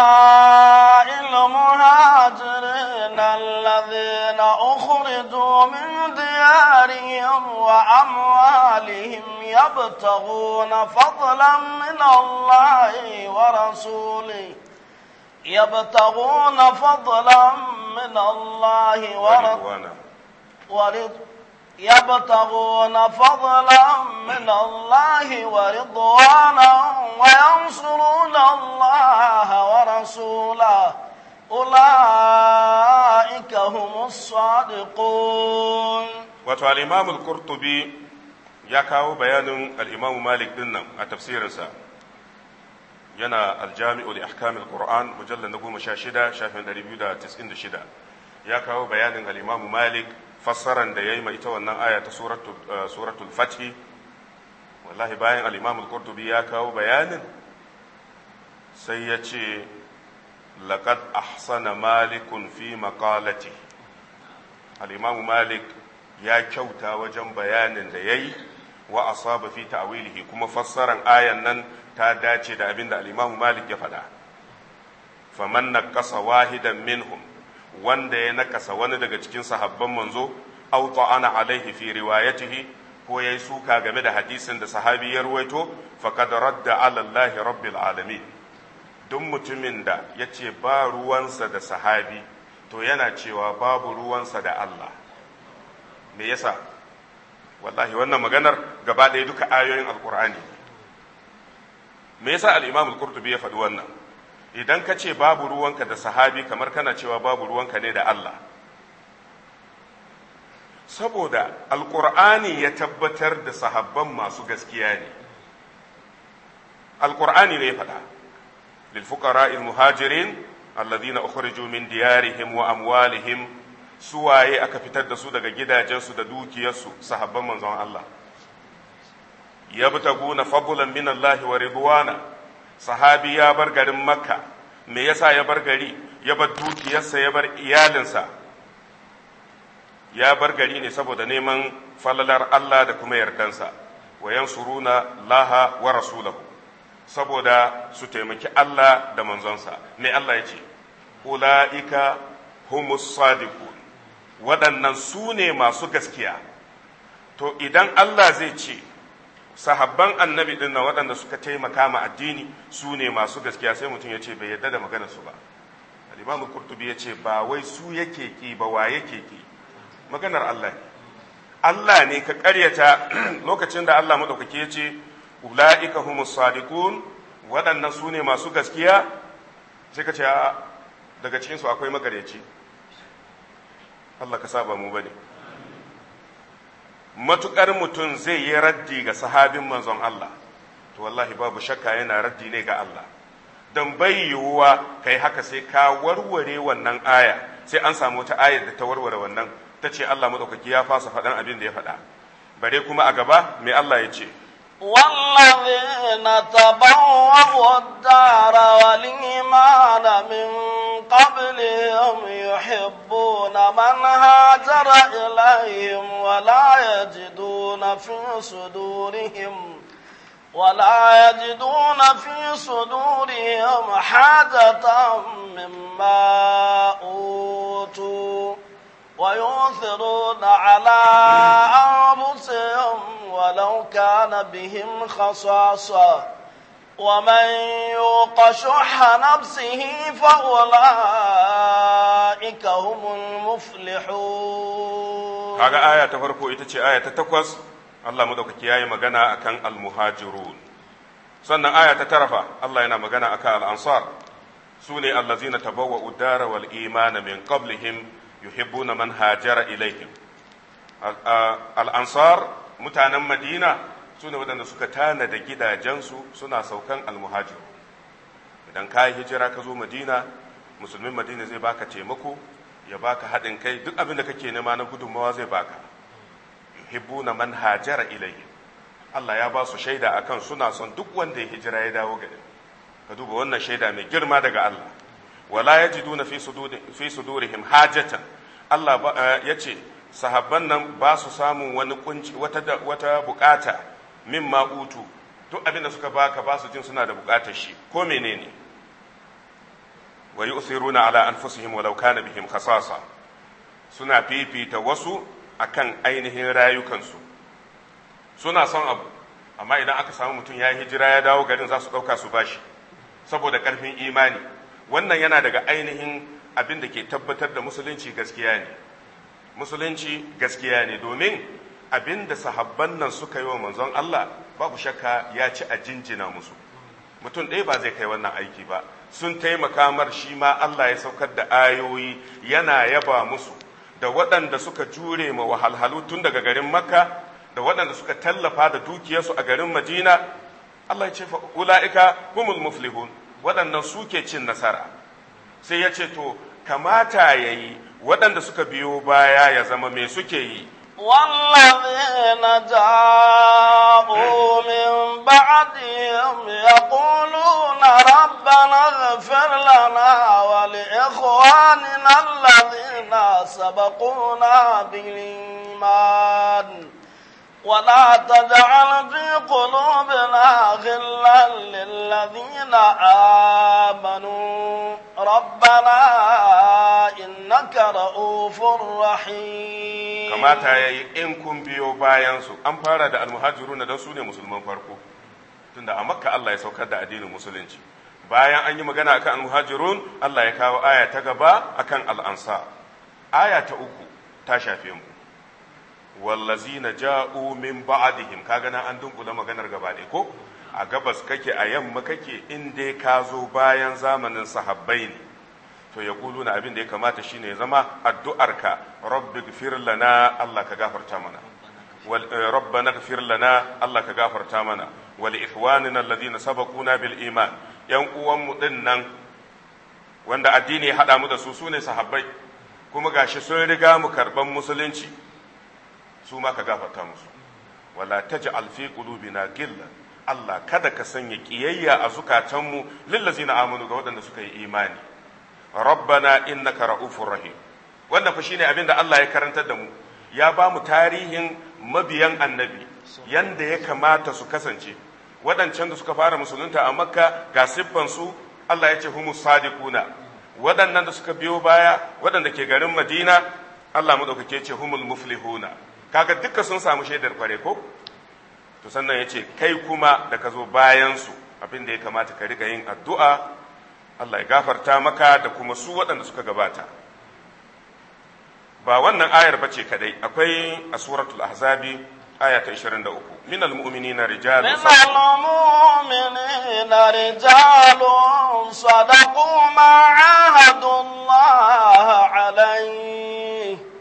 il muhajirin alladhina ukhriju min diyarihim wa amwalihim yabtaghuna fadlan min Allah wa rasulihi يبتغون فضلا من الله ورضوانه يبتغون فضلا من الله ورضوانا وينصرون الله ورسوله أولئك هم الصادقون wato al'imamu qurtubi ya kawo bayanin al'imamu malik din nan a tafsirinsa yana aljami'u da ahkam al mujallar na goma sha shida shafin ya kawo bayanin al'imamu malik fassaran da ya yi ita wannan aya ta eh, suratul fathi wallahi bayan al kurtubi ya kawo bayanin sai ya ce laqad ahsana malikun fi makalati al malik ya kyauta wajen bayanin da yayi wa asaba fi ta'wilihi kuma fassaran ayan nan ta dace da abin da al malik ya faɗa faman ƙasa wahidan minhum wanda ya nakasa wani daga cikin sahabban manzo aw ana alaihi fi riwayatihi ko yayi suka game da hadisin da sahabi ya ruwaito faqad radda ala Allah rabbil alamin duk mutumin da yace ba ruwansa da sahabi to yana cewa babu ruwansa da Allah me yasa wallahi wannan maganar gaba ɗaya duka ayoyin al'kur'ani me yasa al-imam al-qurtubi ya faɗi wannan idan ka ce babu ruwanka da sahabi kamar kana cewa babu ruwanka ne da Allah saboda alƙur'ani ya tabbatar da sahabban masu gaskiya ne alƙur'ani ne ya faɗa للفقراء المهاجرين الذين أخرجوا من ديارهم su waye aka fitar da su daga gidajensu da dukiyarsu sahabban manzon Allah yabtaguna fadlan min Allah wa ridwana sahabi ya bar garin makka me yasa ya bar gari ya bar dukiyarsa ya bar iyalinsa ya bar gari ne saboda neman falalar Allah da kuma yardansa wa suruna laha wa rasulahu saboda su taimaki Allah da manzonsa me Allah ya ce ula'ika humus sadiqun waɗannan su ne masu gaskiya to idan Allah zai ce sahabban annabi din nan waɗanda suka taimaka ma addini su ne masu gaskiya sai mutum ya ce bai yarda da magana su ba al-imam ya ce ba wai su yake ki ba wa yake ki maganar Allah ne Allah ne ka ƙaryata [CLEARS THROAT] lokacin da Allah madaukake ya ce ulaika humus sadiqun waɗannan su ne masu gaskiya sai ka ce daga cikin su akwai magareci Allah ka saba mu bane matuƙar mutum zai yi raddi ga sahabin manzon Allah to wallahi babu shakka yana raddi ne ga Allah don bai yiwuwa kai haka sai ka warware wannan aya sai an samu wata ayar da ta warware wannan ta ce Allah madaukaki ya fasa faɗan abin da ya faɗa bare kuma a gaba mai Allah ya ce والذين تبوا الدار والإيمان من قبلهم يحبون من هاجر إليهم ولا يجدون في صدورهم ولا يجدون في صدورهم حاجة مما أوتوا ويؤثرون على أنفسهم ولو كان بهم خصاصة ومن يوق شح نفسه فأولئك هم المفلحون هذا آية تفرقوا إتتي آية تتكوز الله مدوكك يا مغانا أكان المهاجرون سنة آية تترفع الله ينا مغانا أكان الأنصار سوني الذين تبوأوا الدار والإيمان من قبلهم yuhibbuna man hajara ilaihim al'ansar ansar mutanen madina su ne waɗanda suka tana da gidajensu suna saukan almuhajiru idan ka hijira ka zo madina musulmin madina zai baka taimako ya baka haɗin kai duk abin da kake nema na gudunmawa zai baka yuhibbuna man hajara ilayhi Allah ya ba su shaida akan suna son duk wanda ya hijira ya dawo gari ka duba wannan shaida mai girma daga Allah wala yajiduna fi sudurihim hajatan Allah eh, ya ce sahabban nan ba su samun wani kunci wata buƙata bukata min ma'utu duk abin da suka baka ba su jin suna da bukatar shi ko menene wa yu'thiruna ala yi walau kana bihim khasasa suna fifita wasu a kan ainihin rayukansu suna son abu amma idan aka samu mutum ya hijira ya dawo garin za su ɗauka su ba shi saboda ƙarfin imani wannan yana daga ainihin abin da ke tabbatar da musulunci gaskiya ne musulunci gaskiya ne domin abin da sahabban nan suka yi wa manzon Allah babu shakka ya ci a jinjina musu mutum ɗaya ba zai kai wannan aiki ba sun taimaka mar shi ma Allah ya saukar da ayoyi yana yaba musu da waɗanda suka jure ma wahalhalu tun daga garin makka da waɗanda suka tallafa da dukiyarsu a garin madina Allah ya ce fa ula'ika humul muflihun waɗannan suke cin nasara sai ya ce to kamata ya yi waɗanda suka biyo baya ya zama mai suke yi والذين جاءوا من بعدهم يقولون ربنا اغفر لنا ولإخواننا الذين سبقونا بالإيمان ولا تجعل في قلوبنا غلا للذين آمنوا ربنا إنك رؤوف رحيم كما تايي إن كن بيو بايانسو أم فارد المهاجرون دان سوني مسلمان فاركو tunda a makka Allah ya saukar da addinin musulunci bayan an yi magana akan almuhajirun Allah ya kawo aya ta gaba akan al'ansa aya ta uku ta shafe mu wallazina ja'u min ba'dihim kaga gana an dunkula maganar gaba ɗaya ko a gabas kake a yamma kake in dai ka zo bayan zamanin sahabbai ne to ya na abin da ya kamata shine ya zama addu'arka rabbi gfir lana Allah ka gafarta mana eh, rabbana gfir lana Allah ka gafarta mana wal ikhwanina alladhina sabaquna bil iman yan uwan mu din nan wanda addini ya hada mu da su sune sahabbai kuma gashi sun riga mu karban musulunci su ma ka gafata musu wala taj'al alfi qulubina gillan Allah kada ka sanya kiyayya a zukatanmu lillazina amanu ga waɗanda suka yi imani rabbana innaka ra'ufur rahim wannan fa shine abin da Allah ya karantar da mu ya ba mu tarihin mabiyan annabi yanda ya kamata su kasance waɗancan da suka fara musulunta a makka ga siffan su Allah ya ce humu sadiquna waɗannan da suka biyo baya waɗanda ke garin madina Allah madaukake ce humul muflihuna kaga duka sun samu shaidar kware ko to sannan ya ce kai kuma da ka zo bayansu abinda ya kamata ka riga yin addu'a Allah ya gafarta maka da kuma su waɗanda suka gabata ba wannan ayar bace kadai akwai a suratul ahzabi aya ta 23 min almu'minina rijalun na rijalun sadaqu ma alayhi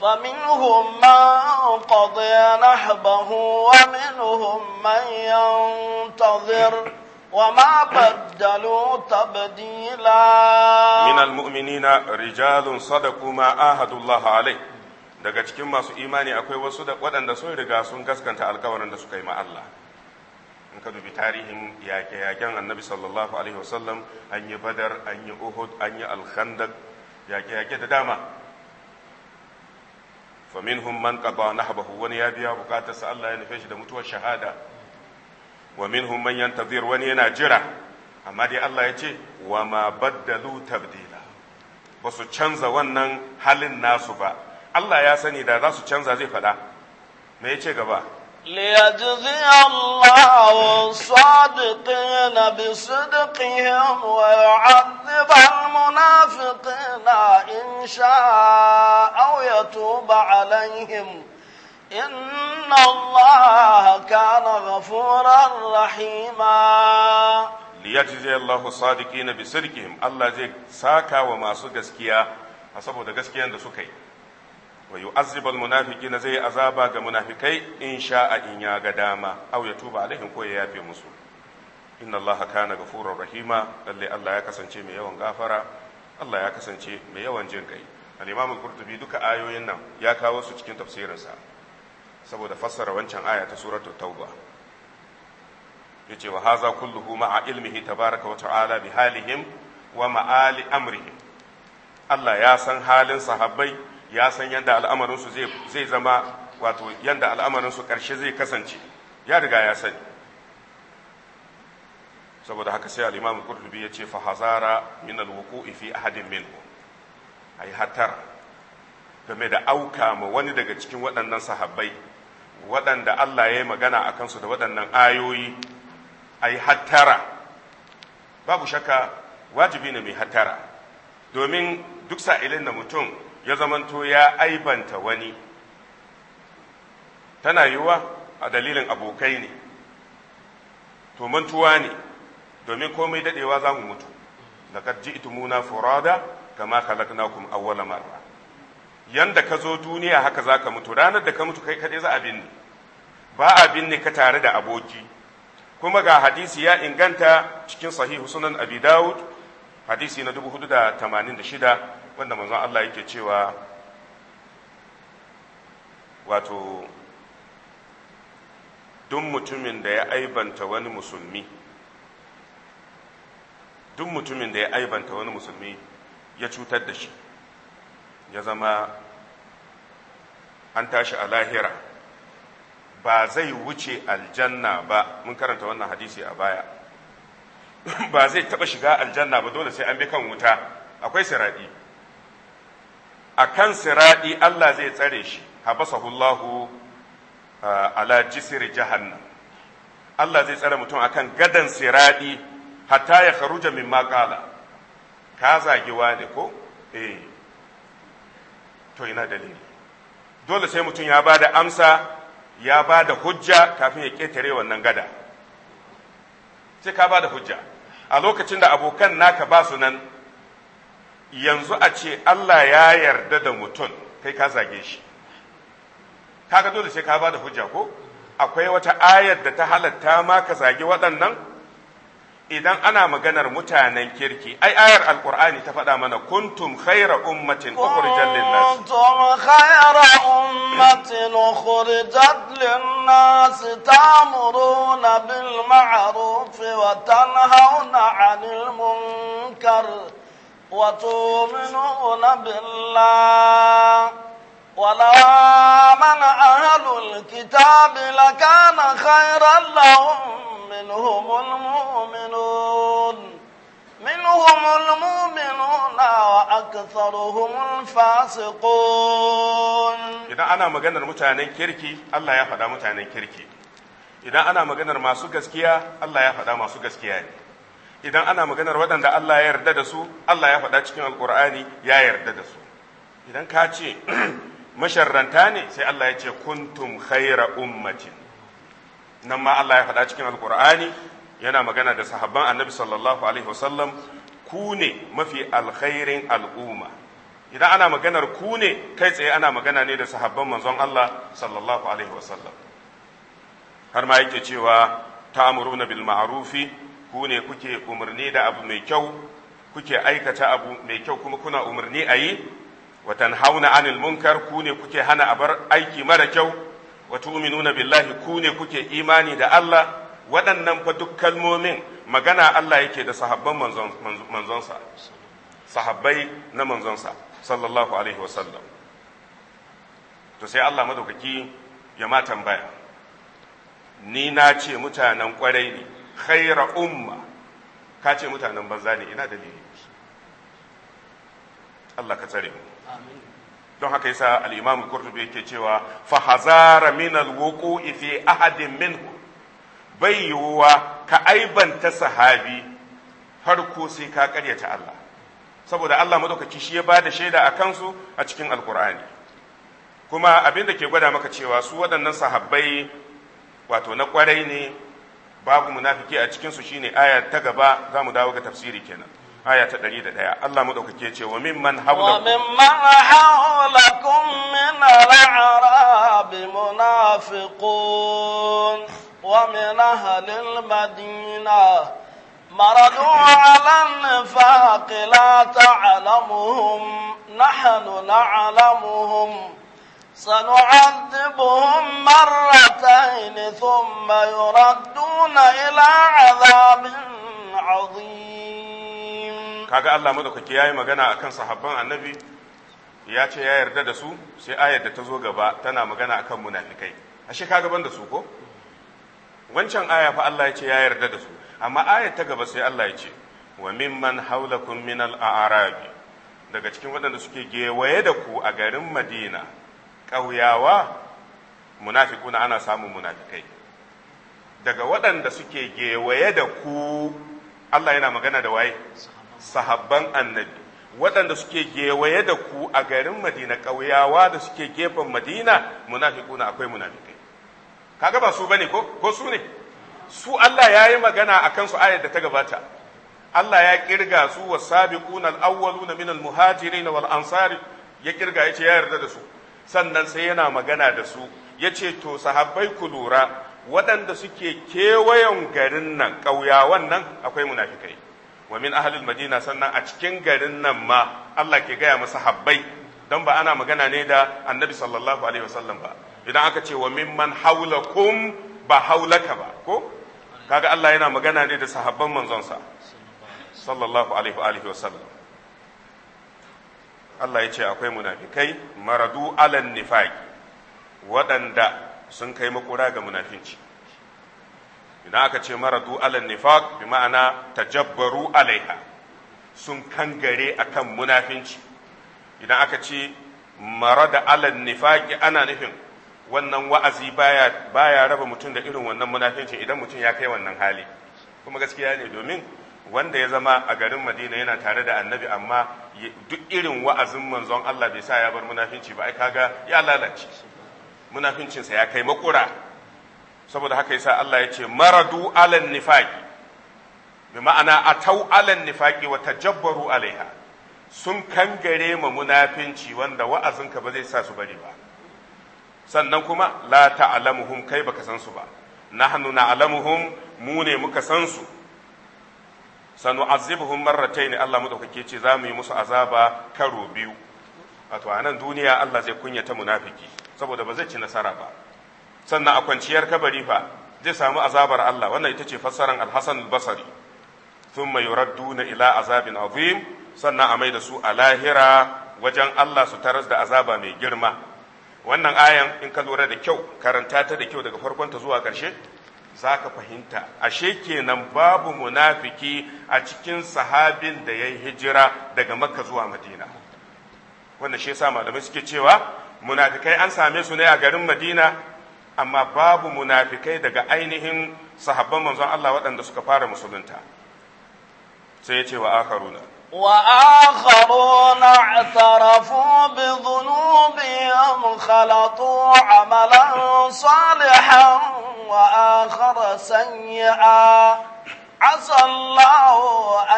فمنهم من قضي نحبه ومنهم من ينتظر وما بدلوا تبديلا من المؤمنين رجال صدقوا ما عاهدوا الله عليه daga cikin masu imani akwai wasu waɗanda sun riga sun gaskanta alkawarin da suka yi Allah in ka dubi tarihin yaƙe-yaƙen annabi sallallahu alaihi wasallam an yi badar an yi uhud an yi alkhandak yaƙe-yaƙe da dama famin minhum man qada nahbahu wani ya biya sa Allah ya nufe shi da mutuwar shahada wa minhum man yantazir wani yana jira amma dai Allah ya ce wa ma baddalu tabdila ba su canza wannan halin nasu ba Allah ya sani da za su canza zai faɗa me ya ce gaba ليجزي الله الصادقين بصدقهم ويعذب المنافقين إن شاء أو يتوب عليهم إن الله كان غفورا رحيما ليجزي الله الصادقين بصدقهم الله زي ساكا وما سكسكيا saboda gaskiyan da suka yi wa munafiki na zai azaba ga munafikai in sha'a in ya ga dama aw ya tuba alaihim ko ya yafe musu inna allaha kana ghafurur rahima lalle Allah ya kasance mai yawan gafara Allah ya kasance mai yawan jin kai al-imam qurtubi duka ayoyin nan ya kawo su cikin tafsirinsa saboda fassara wancan aya ta suratul tauba yace wa haza kulluhu ma'a ilmihi tabaraka wa ta'ala bi halihim wa ma'ali amrihim Allah ya san halin sahabbai ya san yadda al'amarinsu zai zama wato yadda al'amarinsu ƙarshe zai kasance ya riga ya sani saboda haka sai al'imamu kurtubi ya ce fa fahazara min ifi a hadin minhu yi hatar game da auka ma wani daga cikin waɗannan sahabbai waɗanda Allah ya yi magana a kansu da waɗannan ayoyi yi hatara babu shaka wajibi ne mai hatara domin duk sa'ilin da mutum ya zamanto ya aibanta wani tana yiwuwa a dalilin abokai ne to mantuwa ne domin komai dadewa za mu mutu laqad ji'tumuna furada kama khalaqnakum awwala marra yanda ka zo duniya haka za ka mutu ranar da ka mutu kai kaɗai za a binne ba a binne ka tare da aboki kuma ga hadisi ya inganta cikin sahihu sunan abi dawud hadisi na 486 wanda mazan Allah yake cewa wato duk mutumin da ya aibanta wani musulmi duk mutumin da ya aibanta wani musulmi ya cutar da shi ya zama an tashi a lahira ba zai wuce aljanna ba mun karanta wannan hadisi a baya [CLEARS THROAT] ba zai taba shiga aljanna ba dole sai an bi kan wuta akwai siradi a kan siradi Allah zai tsare shi habasahullahu ala jisir jahannam Allah zai tsare mutum akan gadan siraɗi, hatta ya kharuja min maƙala. ka zagi ne ko eh to ina dalili dole sai mutum ya ba da amsa ya ba da hujja kafin ya ƙetare wannan gada sai ka ba da hujja a lokacin da abokan naka ba su nan yanzu a ce Allah ya yarda da mutum kai ka zage shi kaga dole sai ka ba da hujja ko akwai wata ayar da ta halatta ma ka zagi waɗannan idan ana maganar mutanen kirki ai ayar alkur'ani ta faɗa mana kuntum khaira ummatin ukhrijat lin-nas kuntum khaira ummatin ukhrijat lin-nas ta'muruna bil ma'ruf wa tanhauna 'anil munkar وتؤمنون بالله ولو آمن أهل الكتاب لكان خيرا لهم منهم المؤمنون منهم المؤمنون وأكثرهم الفاسقون إذا أنا مجنر متعنين كيركي الله يفدى متعنين كيركي إذا أنا مجنر ما سكسكيا الله يفدى ما سكسكيا idan ana maganar waɗanda Allah ya yarda da su Allah ya faɗa cikin alkur'ani ya yarda da su idan ka ce [CLEARS THROAT] masharranta ne sai Allah ya ce kuntum khaira ummatin nan ma Allah ya faɗa cikin alkur'ani yana magana da sahabban annabi sallallahu alaihi wasallam ku ne mafi alkhairin al'umma idan ana maganar ku ne kai tsaye ana magana ne da sahabban manzon Allah sallallahu alaihi wasallam har ma yake cewa ta'muruna bil ma'rufi ku ne kuke umarni da abu mai kyau kuke aikata abu mai kyau kuma kuna umarni a yi watan hauna anil munkar ku ne kuke hana a bar aiki mara kyau wa tu'minuna billahi ku ne kuke imani da Allah waɗannan fa duk kalmomin magana Allah yake da sahabban manzonsa sahabbai na manzonsa sallallahu alaihi wasallam to sai Allah madaukaki ya ma tambaya ni na ce mutanen kwarai ne khaira umma ka ce mutanen banza ne ina dalili Allah ka tsare mu don haka yasa al-Imam Qurtubi yake cewa fa hazara min al-wuqu'i fi ahadin minhu bai yiwuwa ka aibanta sahabi har ko sai ka karyata Allah saboda Allah madaukaki shi ya bada shaida a kansu a cikin alkur'ani kuma abin da ke gwada maka cewa su waɗannan sahabbai wato na kwarai ne babu munafiki a cikin su shine aya ta gaba za mu dawo ga tafsiri kenan aya ta ɗaya Allah ɗaukake ce wa mimman hawlakum wa haula hawlakum min al-a'rab munafiqun wa min ahli al-madina مردوا على النفاق لا تعلمهم نحن نعلمهم سنعذبهم مرتين ثم يردون إلى عذاب عظيم كاغا الله مدوكاكي yayi magana akan sahabban annabi ya ce ya yarda da su sai ayar da ta zo gaba tana magana akan munafikai ashe kaga gaban da su ko wancan aya fa Allah ya ce ya yarda da su amma ayar ta gaba sai Allah ya ce wa mimman hawlakum min al arab daga cikin waɗanda suke gewaye da ku a garin Madina ƙauyawa munafikuna ana samun munafikai daga waɗanda suke gewaye da ku Allah yana magana da waye sahabban annabi waɗanda suke gewaye da ku a garin madina ƙauyawa da suke gefen madina munafikuna akwai munafikai kaga ba su bane ko ko su ne su Allah ya yi magana a kansu ayar da ta gabata Allah ya kirga su wa sabiquna al-awwaluna min al-muhajirin wal ansari ya kirga ce ya yarda da su sannan sai yana magana da su ya ce to sahabbai ku lura waɗanda suke kewayen garin nan ƙauyawan nan akwai munafikai wa min ahlil madina sannan a cikin garin nan ma Allah ke gaya masa habbai don ba ana magana ne da annabi sallallahu alaihi wasallam ba idan aka ce wa min man haulakum ba haulaka ba ko kaga Allah yana magana ne da sahabban manzonsa sallallahu alaihi wa sallam Allah ya ce akwai munafikai maradu alan nifaq waɗanda sun kai makura ga munafinci idan aka ce maradu alan nifaq bi ma'ana tajabbaru alaiha sun kangare akan munafinci idan aka ce marada alan nifaq ana nufin wannan wa'azi baya baya raba mutum da irin wannan munafinci idan mutum ya kai wannan hali kuma gaskiya ne domin wanda ya zama a garin madina yana tare da annabi amma duk irin wa'azin manzon Allah bai sa ya bar munafinci ba ai kaga ya lalace munafincinsa ya kai makura saboda haka yasa Allah ya ce maradu alan nifaqi bi ma'ana atau alan nifaqi wa tajabbaru alaiha sun kangare ma munafinci wanda wa'azin ka ba zai sa su bari ba sannan kuma la ta'lamuhum kai baka san su ba nahnu na'lamuhum mu ne muka san su sanu azibuhum marratayn Allah madaukake ce za mu yi musu azaba karo biyu wato a nan duniya Allah zai kunyata munafiki saboda ba zai ci nasara ba sannan a kwanciyar kabari fa zai samu azabar Allah wannan ita ce fassaran al-Hasan al-Basri thumma yuradduna ila azabin azim sannan a mai da su a lahira wajen Allah su taras da azaba mai girma wannan ayan in ka lura da kyau karanta ta da kyau daga farkon ta zuwa karshe. za ka fahimta ashe kenan babu munafiki a cikin sahabin da ya yi hijira daga makka zuwa madina wannan shi yasa malamai suke cewa munafikai an same su ne a garin madina amma babu munafikai daga ainihin sahabban manzon Allah waɗanda suka fara musulunta sai ya ce wa akharuna وآخرون اعترفوا بذنوبهم خلطوا عملا صالحا وآخر سيئا عسى الله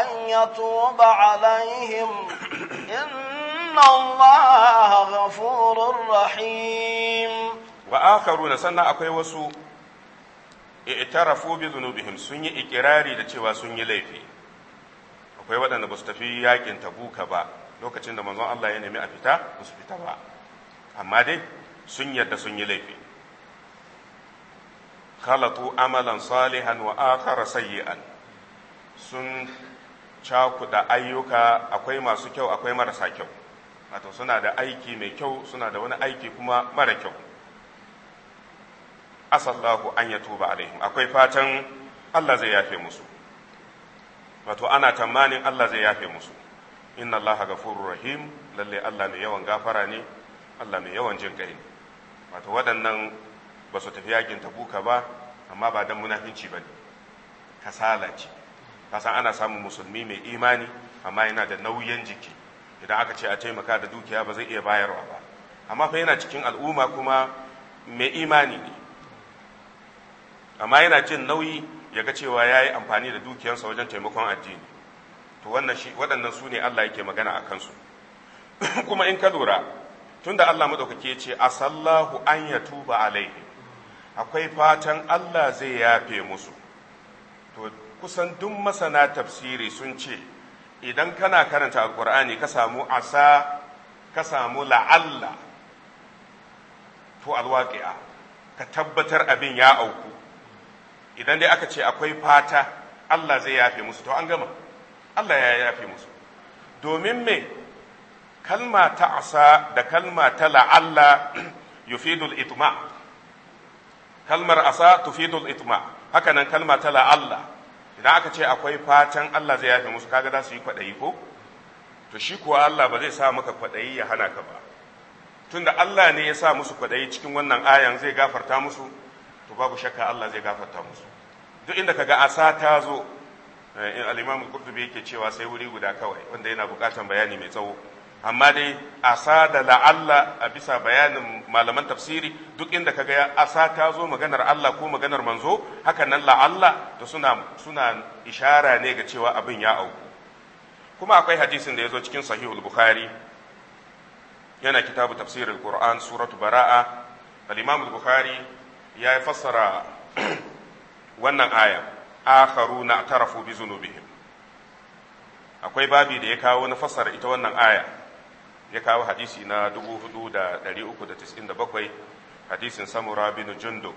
أن يتوب عليهم إن الله غفور رحيم وآخرون سنة أكوي وسوء i'tarafu bi dhunubihim sun yi ikirari da cewa sun yi laifi akwai waɗanda ba su tafi yakin tabuka ba lokacin da manzon Allah ya nemi a fita ba su fita ba amma dai sun yarda sun yi laifi khalatu amalan salihan wa akhara sayyi'an sun cakuda ayyuka akwai masu kyau akwai marasa kyau wato suna da aiki mai kyau suna da wani aiki kuma mara kyau asallahu an ya tuba alaihim akwai fatan Allah zai yafe musu wato ana tamanin Allah zai yafe musu inna Allah gafurur rahim lalle Allah mai yawan gafara ne Allah mai yawan jin kai wato waɗannan ba su tafi yakin tabuka ba amma ba dan munafinci ba ne kasala ce kasan ana samun musulmi mai imani amma yana da nauyin jiki idan aka ce a taimaka da dukiya ba zai iya bayarwa ba amma fa yana cikin al'umma kuma mai imani ne amma yana jin nauyi ya ga cewa ya yi amfani da dukiyarsa wajen taimakon addini to waɗannan su ne Allah yake magana a kansu [COUGHS] kuma in ka lura tunda Allah madaukake ya ce asallahu an yatuba alaihi akwai fatan Allah zai yafe musu to kusan duk masana tafsiri sun ce idan kana karanta alkur'ani ka samu asa ka samu la'alla to alwaƙi'a ka tabbatar abin ya auku idan dai aka ce akwai fata Allah zai yafe musu to an gama Allah ya yafe musu domin me kalma ta asa da kalma ta la'alla [CLEARS THROAT] yufidul itma' kalmar asa tufidul itma hakanan kalma ta Allah. idan aka ce akwai fatan Allah zai yafe musu kaga za su yi kwaɗayi ko to shi kuwa Allah ba zai sa maka kwaɗayi ya hana ka ba tunda Allah ne ya sa musu kwaɗayi cikin wannan ayan zai gafarta musu to babu shakka Allah zai gafarta musu duk inda kaga asa ta zo in eh, al-Imam Qurtubi yake cewa sai wuri guda kawai wanda yana buƙatar bayani mai tsawo amma dai asa da la'alla a bisa bayanin malaman tafsiri duk inda kaga ya asa ta zo maganar Allah ko maganar manzo haka nan la'alla to suna suna ishara ne ga cewa abin ya auku kuma akwai hadisin da ya zo cikin sahihul bukhari yana kitabu tafsirul qur'an suratu bara'a al-imam al-bukhari ya fassara [CLEARS THROAT] wannan aya akharuna tarafu bi zunubihim akwai babi da ya kawo na fassara ita wannan aya ya kawo hadisi na 4397 hadisin samura bin jundub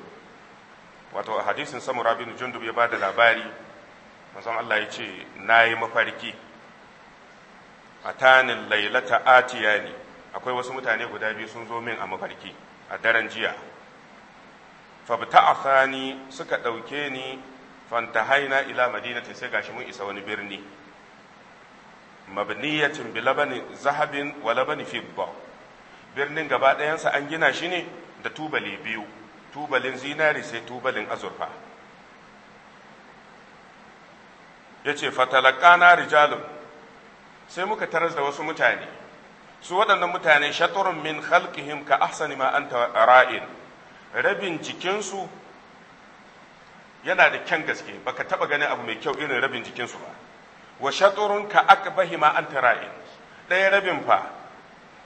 wato hadisin samura bin jundub ya ba da labari masan Allah ya ce na yi mafarki a tanin lailata atiya ne akwai wasu mutane guda biyu sun zo min a mafarki a daren jiya fabta a suka ɗauke ni fanta haina ila madinatin sai gashi mun isa wani birni mabniyatin bi labani zahabin wa labani fidda birnin gaba ɗayansa an gina shi ne da tubali biyu tubalin zinari sai tubalin azurfa yace fatalakana rijalun sai muka taras da wasu mutane su waɗannan mutane shaturun min khalqihim ka ahsani ma anta ra'in rabin jikinsu yana da kyan gaske baka taba ganin abu mai kyau irin rabin jikinsu ba wa shaturun ka akbahi ma anta ra'in ɗaya rabin fa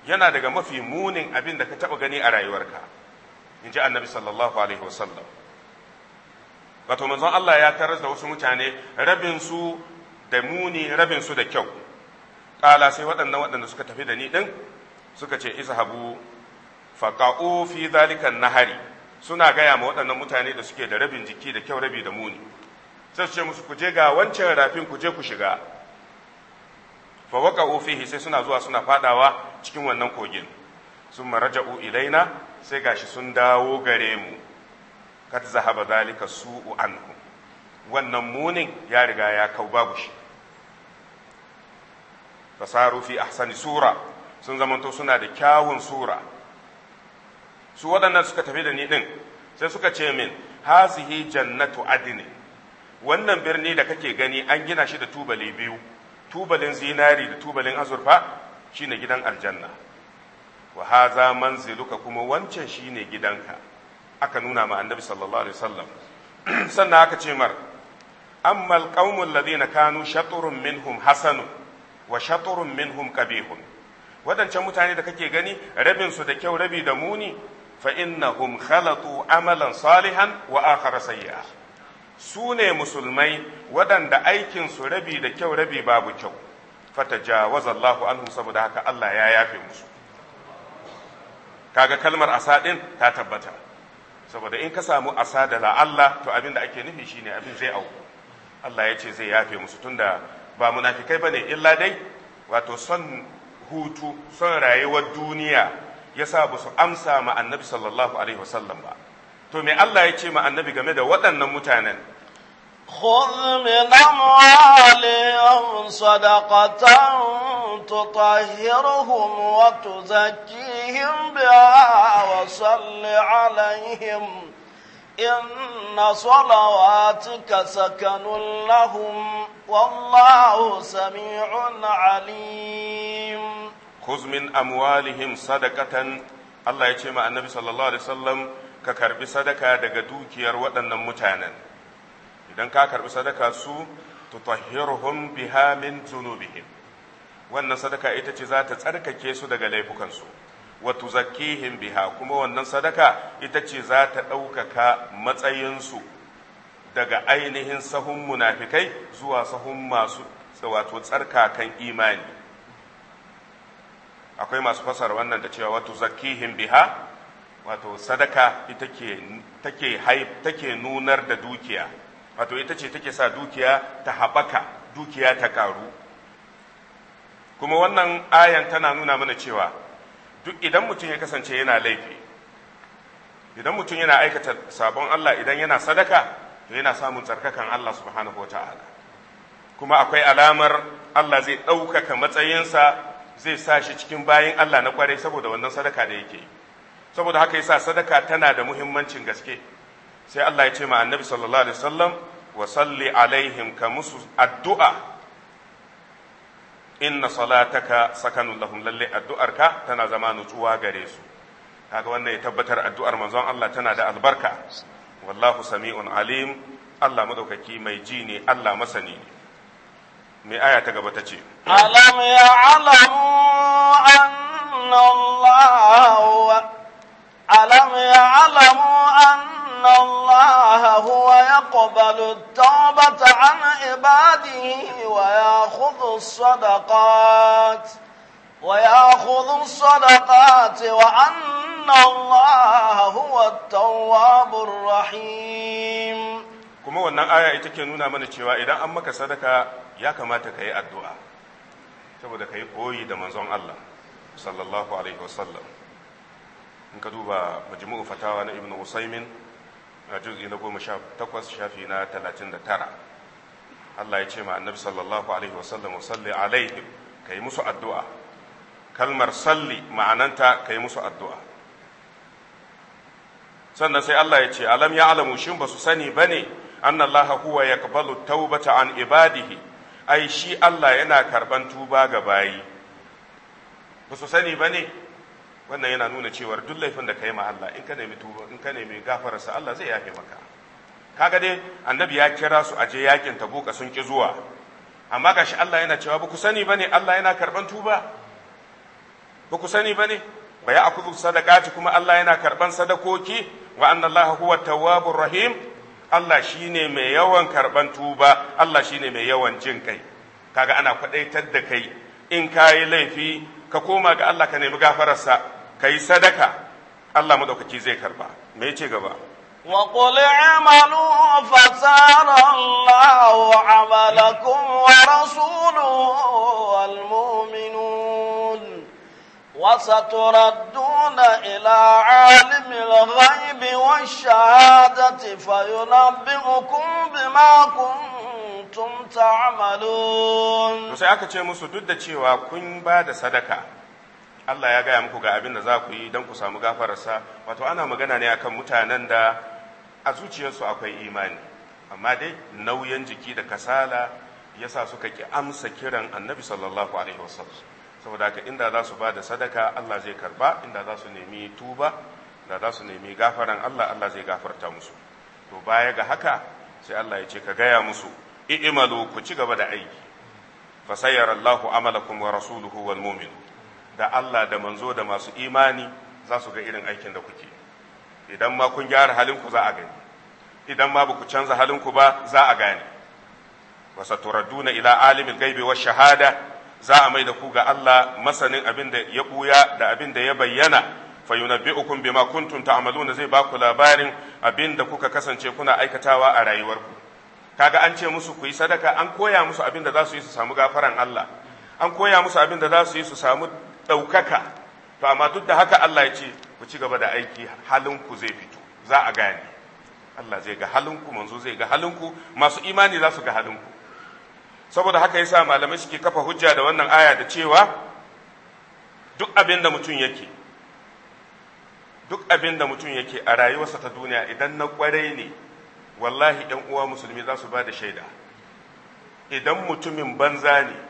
yana daga mafi munin abin da ka taɓa gani a rayuwarka in ji annabi sallallahu alaihi wasallam wato manzon Allah ya taras da wasu mutane rabin su da muni rabin su da kyau Ɗala sai waɗannan waɗanda suka tafi da ni ɗin suka ce izhabu faqa'u fi zalika nahari suna gaya ma waɗannan mutane da suke da rabin jiki da kyau rabi da muni sai su ce musu ku je ga wancan rafin ku je ku shiga fa ofihi sai suna zuwa suna fadawa cikin wannan kogin sun maraja'u ilaina sai gashi sun dawo gare mu kat zahaba zalika su'u anhu wannan munin ya riga ya kau babu shi fasaru fi ahsani sura sun zamanto suna da kyawun sura su waɗannan suka tafi da ni ɗin sai suka ce min hazihi jannatu adini wannan birni da kake gani an gina shi da tubali biyu tubalin zinari da tubalin azurfa shine gidan aljanna wa haza manziluka kuma wancan shine gidanka aka nuna ma annabi sallallahu alaihi wasallam [CLEARS THROAT] sannan aka ce mar amma alqaumul ladina kanu shatrun minhum hasanu wa shatrun minhum qabihun wadancan mutane da kake gani rabin su da kyau rabi da muni fa innahum khalatu amalan salihan wa akhara sayyi'a su ne musulmai waɗanda aikin su rabi da kyau rabi babu kyau fatajawaza Allahu anhu saboda haka Allah ya yafe musu kaga kalmar asa din ta tabbata saboda in ka samu asa da Allah to abin da ake nufi shine abin zai auku Allah ya ce zai yafe musu tunda ba munafikai ne illa dai wato son hutu son rayuwar duniya yasa ba su amsa ma annabi sallallahu alaihi wasallam ba to me Allah ya ce ma annabi game da waɗannan mutanen خذ من أموالهم صدقة تطهرهم وتزكيهم بها وصل عليهم إن صلواتك سكن لهم والله سميع عليم خذ من أموالهم صدقة الله يتشمع النبي صلى الله عليه وسلم ka karbi sadaka daga dukiyar waɗannan mutanen idan ka karbi sadaka su tutahhiruhum biha min zunubihim wannan sadaka ita ce za ta tsarkake su daga laifukansu wa tuzakkihim biha kuma wannan sadaka ita ce za ta ɗaukaka matsayinsu daga ainihin sahun munafikai zuwa sahun masu wato tsarkakan imani akwai masu fasar wannan da cewa wa tuzakkihim biha wato sadaka ita take take nunar da dukiya wato ita ce take sa dukiya ta haɓaka dukiya ta karu kuma wannan ayan tana nuna mana cewa duk idan mutum ya kasance yana laifi idan mutum yana aikata sabon Allah idan yana sadaka to yana samun tsarkakan Allah subhanahu wa kuma akwai alamar Allah zai ɗaukaka matsayinsa zai sa shi cikin bayan Allah na kwarai saboda wannan sadaka da yake yi saboda haka yasa sadaka tana da muhimmancin gaske sai Allah ya ce ma annabi sallallahu alaihi wasallam wa salli alaihim ka musu addu'a inna salataka sakanun lahum lalle addu'arka tana zama nutsuwa gare su kaga wannan ya tabbatar addu'ar manzon Allah tana da albarka wallahu sami'un alim Allah madaukaki mai ji ne Allah masani ne aya ta gaba ta ce alam alamu anna allahu ألم يعلموا أن الله هو يقبل التوبة عن عباده ويأخذ الصدقات ويأخذ الصدقات وأن الله هو التواب الرحيم kuma wannan aya ita ke nuna mana cewa idan an maka sadaka ya kamata ka yi addu'a saboda ka yi koyi da manzon Allah sallallahu alaihi wasallam in ka duba majmu'u fatawa na ibnu usaimin a juz'i na goma sha takwas shafi na talatin da tara Allah ya ce ma annabi sallallahu alaihi wasallam salli alaihi ka yi musu addu'a kalmar salli ma'ananta ka yi musu addu'a sannan sai Allah ya ce alam ya alamu shin ba su sani ba ne an Allah huwa ya kabalu taubata an ibadihi ai shi Allah yana karban tuba ga bayi ba su sani ba ne wannan yana nuna cewa duk laifin da kai ma Allah in ka nemi tuba in ka nemi gafararsa Allah zai yafe maka kaga dai annabi ya kira su aje yakin tabuka sun ki zuwa amma gashi Allah yana cewa ba ku sani bane Allah yana karban tuba ba ku sani bane ba ya akudu sadaqati kuma Allah yana karban sadakoki wa anna Allah huwa tawwabur rahim Allah shine mai yawan karban tuba Allah shine mai yawan jin kai kaga ana kwadaitar da kai in kayi laifi ka koma ga Allah ka nemi gafararsa Kai sadaka. Allah mu zai karba, me yace gaba? Waƙuli Amadu Fasararrawu Amadukun wa Rasuluhu wa Limaminu Wasa turardun da ila-calimin rabin wani shahada tafiya nabin hukumbi makon tumta aka ce musu duk da cewa kun ba da sadaka. Allah ya gaya muku ga abin da za ku yi don ku samu gafararsa wato ana magana ne akan mutanen da a zuciyarsu akwai imani amma dai nauyin jiki da kasala yasa suka ki amsa kiran annabi sallallahu alaihi wasallam saboda haka inda za su ba da sadaka Allah zai karba inda za su nemi tuba da za su nemi gafaran Allah Allah zai gafarta musu to baya ga haka sai Allah ya ce ka gaya musu i'malu ku ci gaba da aiki fa sayyara Allahu amalakum wa rasuluhu wal mu'minun da Allah da manzo da masu imani za su ga irin aikin da kuke idan ma kun gyara halinku za a gani idan ma ku canza halinku ba za a gane wasa na ila alimin gaibe wa shahada za a mai da ku ga Allah masanin abin da ya buya da abin da ya bayyana fayunabbi'ukum bima kuntum ta'maluna zai ba ku labarin abin da kuka kasance kuna aikatawa a rayuwarku kaga an ce musu ku yi sadaka an koya musu abin da za su yi su samu gafaran Allah an koya musu abin da za su yi su samu ɗaukaka to amma duk da haka Allah ya ce ku ci gaba da aiki halinku zai fito za a gane Allah zai ga halinku manzo zai ga halinku masu imani za su ga halinku saboda haka yasa malamai suke kafa hujja da wannan aya da cewa duk abin da mutum yake duk abin da mutum yake a rayuwarsa ta duniya idan na kwarai ne wallahi ɗan uwa musulmi za su ba da shaida idan mutumin banza ne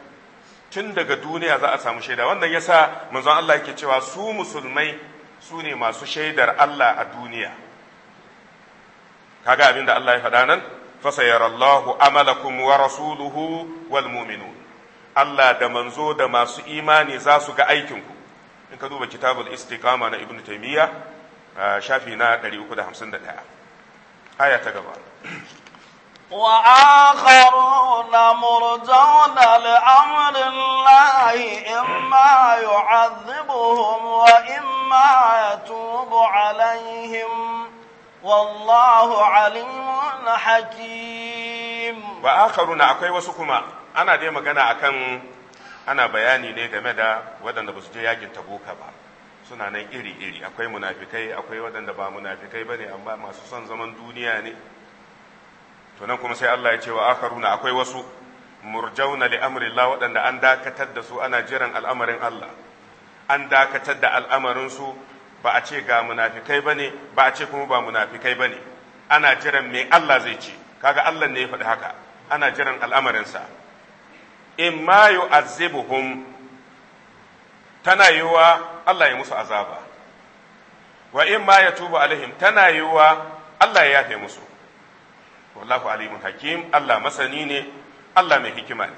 tun daga duniya za a samu shaida wannan yasa manzon Allah yake cewa su musulmai su ne masu shaidar Allah a duniya kaga abin da Allah ya faɗa nan fasayarallahu amalakum wa rasuluhu wal mu'minun Allah da manzo da masu imani za su ga ku in ka duba kitabul istiqama na ibnu taymiya shafi na 351 aya ta gaba وآخرون مرجون لأمر الله إما يعذبهم وإما يتوب عليهم والله عليم حكيم وآخرون أكوي وسكما أنا دي مغانا أكن أنا بياني ne game da waɗanda ba su je yakin tabuka ba suna nan iri-iri akwai munafikai akwai waɗanda ba munafikai ba ne amma masu son zaman duniya ne to nan kuma sai Allah ya ce wa akharuna akwai wasu murjauna li Allah waɗanda an dakatar da su ana jiran al'amarin Allah an dakatar da al'amarin su ba a ce ga munafikai bane ba a ce kuma ba munafikai bane ana jiran me Allah zai ce kaga Allah ne ya faɗi haka ana jiran al'amarin sa in ma yu'azzibuhum tana yiwa Allah ya musu azaba wa in ma yatubu alaihim tana yiwa Allah ya yafe musu wallahu alimun hakim Allah masani ne Allah mai hikima ne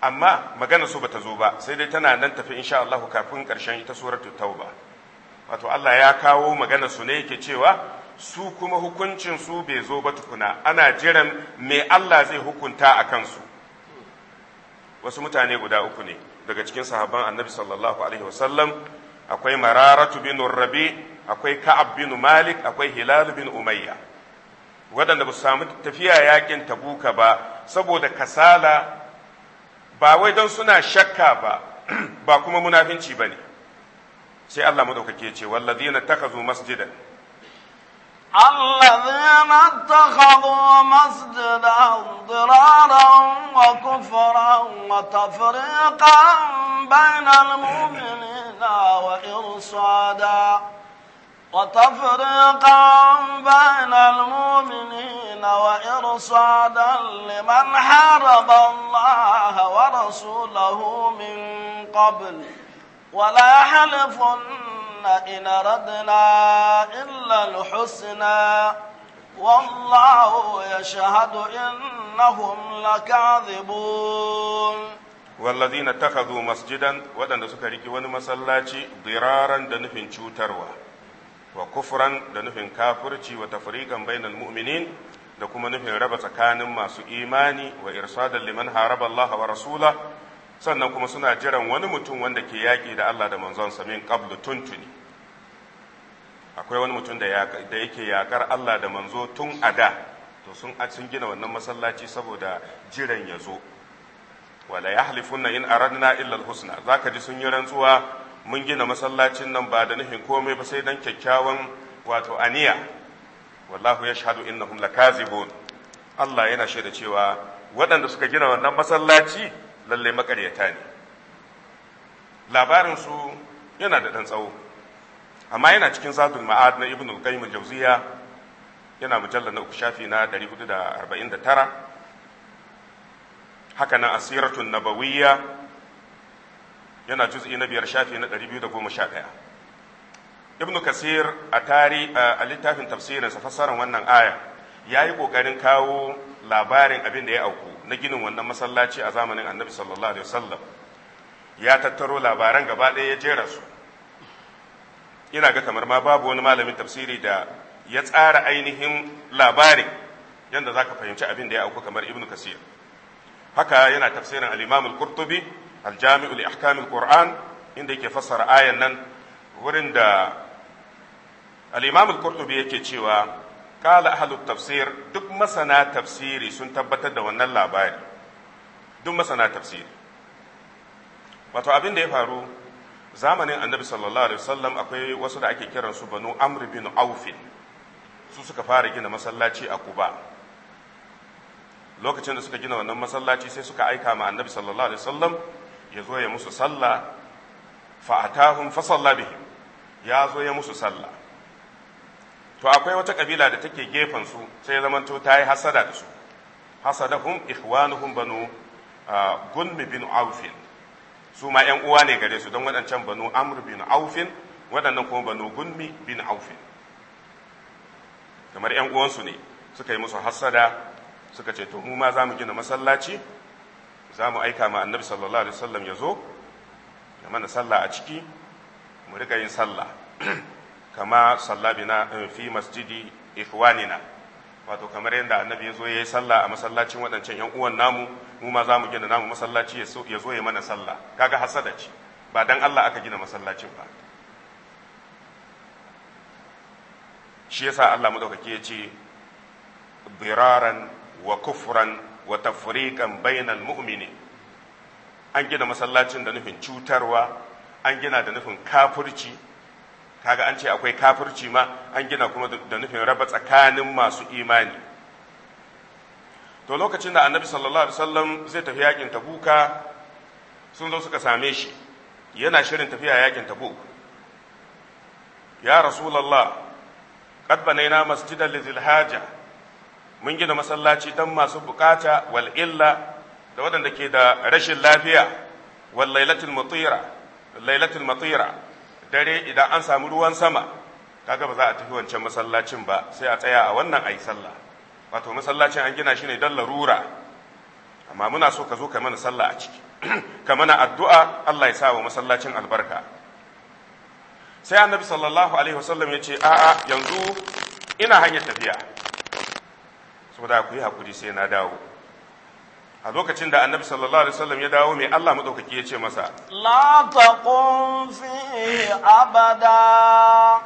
amma magana su bata zo ba sai dai tana nan tafi insha Allah kafin karshen ita suratul tauba wato Allah ya kawo magana su ne yake cewa su kuma hukuncin su bai zo ba tukuna ana jiran me Allah zai hukunta a kansu wasu mutane guda uku ne daga cikin sahabban annabi sallallahu alaihi wasallam akwai mararatu bin rabi akwai ka'ab bin malik akwai hilal bin umayya waɗanda ba su samu tafiya yakin tabuka ba saboda kasala ba wai don suna shakka ba [CLEARS THROAT] ba kuma munafinci ba ne sai Allah madaukake ce wallazina takazu masjidan الذين اتخذوا مسجدا ضرارا وكفرا وتفريقا بين المؤمنين وإرصادا وتفريقا بين المؤمنين وإرصادا لمن حارب الله ورسوله من قبل ولا يحلفن إن ردنا إلا الحسنى والله يشهد إنهم لكاذبون والذين اتخذوا مسجدا ودن سكريك ونمسلاتي ضرارا دنفن شوتروا wa kufran da nufin kafirci wa tafriqan bainal mu'minin da kuma nufin raba tsakanin masu imani wa irsadan liman haraba Allah wa rasula sannan kuma suna jiran wani mutum wanda ke yaƙi da Allah da sa min qablu tuntuni akwai wani mutum da yake yaƙar Allah da manzo tun ada? to sun sun gina wannan masallaci saboda jiran ya zo wala yahlifunna in aradna illa alhusna zaka ji sun yi rantsuwa mun gina masallacin nan ba da nufin komai ba sai dan kyakkyawan wato aniya wallahu ya yashhadu innahum lakazibun Allah yana shaida cewa waɗanda suka gina wannan masallaci lalle makaryata ne labarin su yana da dan tsawo amma yana cikin zadul ma'ad na ibnu qayyim al-jawziya yana mujallal na uku shafi na 449 haka nan asiratun nabawiyya yana juz'i na biyar shafi na ɗari biyu da goma sha ɗaya. ibnu kasir a tari a littafin tafsirin sa fassarar wannan aya ya yi ƙoƙarin kawo labarin abin da ya auku na ginin wannan masallaci a zamanin annabi sallallahu alaihi wasallam ya tattaro labaran gaba ɗaya ya jera su ina ga kamar ma babu wani malamin tafsiri da ya tsara ainihin labarin yadda za ka fahimci abin da ya auku kamar ibnu kasir haka yana tafsirin al-imam al-qurtubi aljami'u li ahkamil qur'an inda yake fassara ayan nan wurin da al-imam al-qurtubi yake cewa qala ahlut tafsir duk masana tafsiri sun tabbatar da wannan labari duk masana tafsiri wato abin da ya faru zamanin annabi sallallahu alaihi wasallam akwai wasu da ake kiransu banu amr bin aufin su suka fara gina masallaci a kuba lokacin da suka gina wannan masallaci sai suka aika ma annabi sallallahu alaihi wasallam ya zo ya musu sallah fa'atahum fa salla bihim ya zo ya musu sallah to akwai wata kabila da take gefen su sai zamanto ta yi hasada da su hasadahum ikhwanuhum banu ah, gunmi bin aufin su ma yan uwa ne gare su don waɗancan banu amr bin aufin waɗannan kuma banu gunmi bin aufin kamar yan uwansu ne suka yi musu hasada suka ce to mu ma za mu gina masallaci za mu aika ma annabi sallallahu alaihi wasallam ya zo ya mana sallah a ciki mu riga yin sallah [CLEARS THROAT] kama sallah bina eh, fi masjidi ikhwanina wato kamar yadda annabi ya zo ya yi sallah a masallacin waɗancan yan uwan namu mu ma za mu gina namu masallaci ya zo ya mana sallah kaga hasada ce ba dan Allah aka gina masallacin ba shi yasa Allah dauka ya ce biraran wa kufran wa tafriqan bainal mu'mini an gina masallacin da nufin cutarwa an gina da nufin kafirci kaga an ce akwai kafurci ma an gina kuma da nufin raba tsakanin masu imani to lokacin da annabi sallallahu alaihi wasallam zai tafi yakin tabuka sun zo suka same shi yana shirin tafiya yakin tabuk ya rasulullah qad banayna masjidal lizil haja mun gina masallaci don masu bukata wal illa da waɗanda ke da rashin lafiya wal lailatul matira lailatul matira dare idan an samu ruwan sama kaga ba za a tafi wancan masallacin ba sai a tsaya a wannan ayi sallah wato masallacin an gina shi ne don larura amma muna so ka zo ka mana sallah a ciki [CLEARS THROAT] ka mana addu'a Allah ya sa wa masallacin albarka sai annabi sallallahu alaihi wasallam ya ce a'a yanzu ina hanyar tafiya saboda ku yi hakuri sai na dawo a lokacin da annabi sallallahu alaihi wasallam ya dawo mai Allah madaukaki ya ce masa la taqum fi abada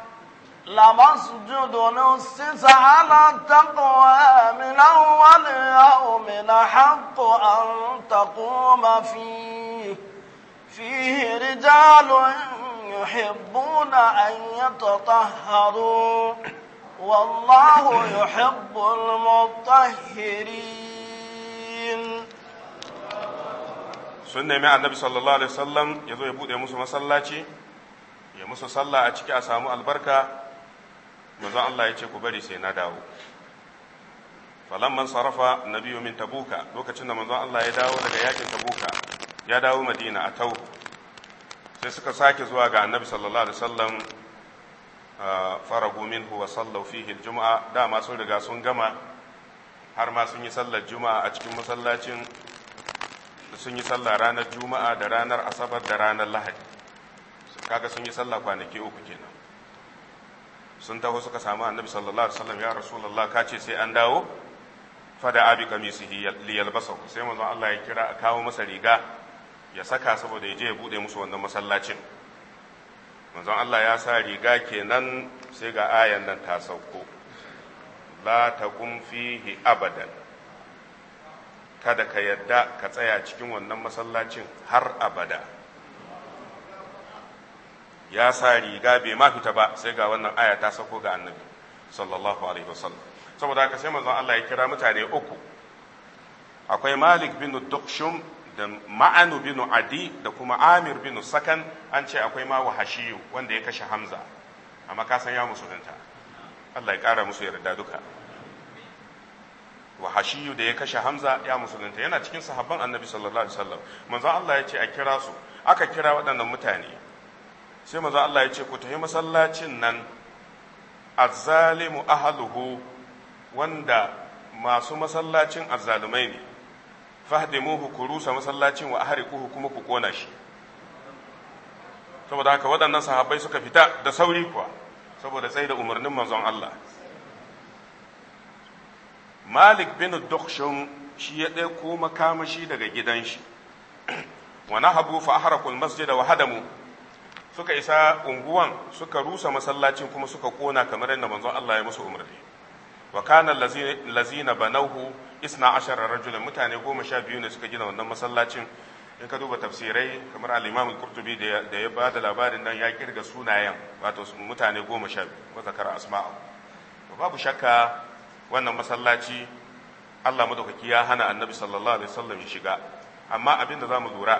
la na sisa ala taqwa min awwal la haqqu an taquma fi fihi rijalun yuhibbuna an yatahharu والله يحب المطهرين sun nemi annabi sallallahu alaihi wasallam ya zo ya bude musu masallaci ya musu sallah a ciki a samu albarka manzon Allah ya ce ku bari sai na dawo falamman sarrafa nabiyu min tabuka lokacin da manzon Allah ya dawo daga yakin tabuka ya dawo madina a tau sai suka sake zuwa ga annabi sallallahu alaihi wasallam faragu minhu wa sallau fihi juma'a dama sun riga sun gama har ma sun yi sallar juma'a a cikin masallacin sun yi sallah ranar juma'a da ranar asabar da ranar lahadi kaga sun yi sallah kwanaki uku kenan sun taho suka samu annabi sallallahu alaihi wasallam ya rasulullah ka ce sai an dawo fada abi qamisihi li sai manzon Allah ya kira a kawo masa riga ya saka saboda ya je ya buɗe musu wannan masallacin manzon Allah ya sa riga kenan sai ga ayan nan ta sauko la taqum fihi abadan kada ka yadda ka tsaya cikin wannan masallacin har abada ya sa riga bai ma fita ba sai ga wannan aya ta sauko ga annabi sallallahu alaihi wasallam saboda haka sai manzon Allah ya kira mutane uku akwai Malik bin dukshum da ma'anu binu adi da kuma amir binu sakan an ce akwai ma wahashiyu wanda ya kashe hamza amma ka san ya musulunta Allah ya kara musu yarda duka wahashiyu da ya kashe hamza ya musulunta yana cikin sahabban annabi sallallahu alaihi wasallam manzo Allah ya ce a kira su aka kira waɗannan mutane sai manzo Allah ya ce ku tafi masallacin nan azzalimu ahluhu wanda masu masallacin azzalumai ne fahdimuhu ku rusa masallacin wa ahriquhu kuma ku kona shi saboda haka waɗannan sahabbai suka fita da sauri kuwa saboda tsaye da umarnin manzon Allah Malik bin Dukhshum shi ya ɗauko makamashi daga gidan shi wa nahabu fa ahraqul masjid wa hadamu suka isa unguwan suka rusa masallacin kuma suka kona kamar yadda manzon Allah ya musu umarni wa kana allazina banawhu isna ashara rajulan mutane goma sha biyu ne suka gina wannan masallacin in ka duba tafsirai kamar al-imam al-qurtubi da ya ba da labarin nan ya kirga sunayen wato mutane goma sha biyu wa zakara asma'u babu shakka wannan masallaci Allah madaukaki ya hana annabi sallallahu alaihi wasallam ya shiga amma abin da zamu lura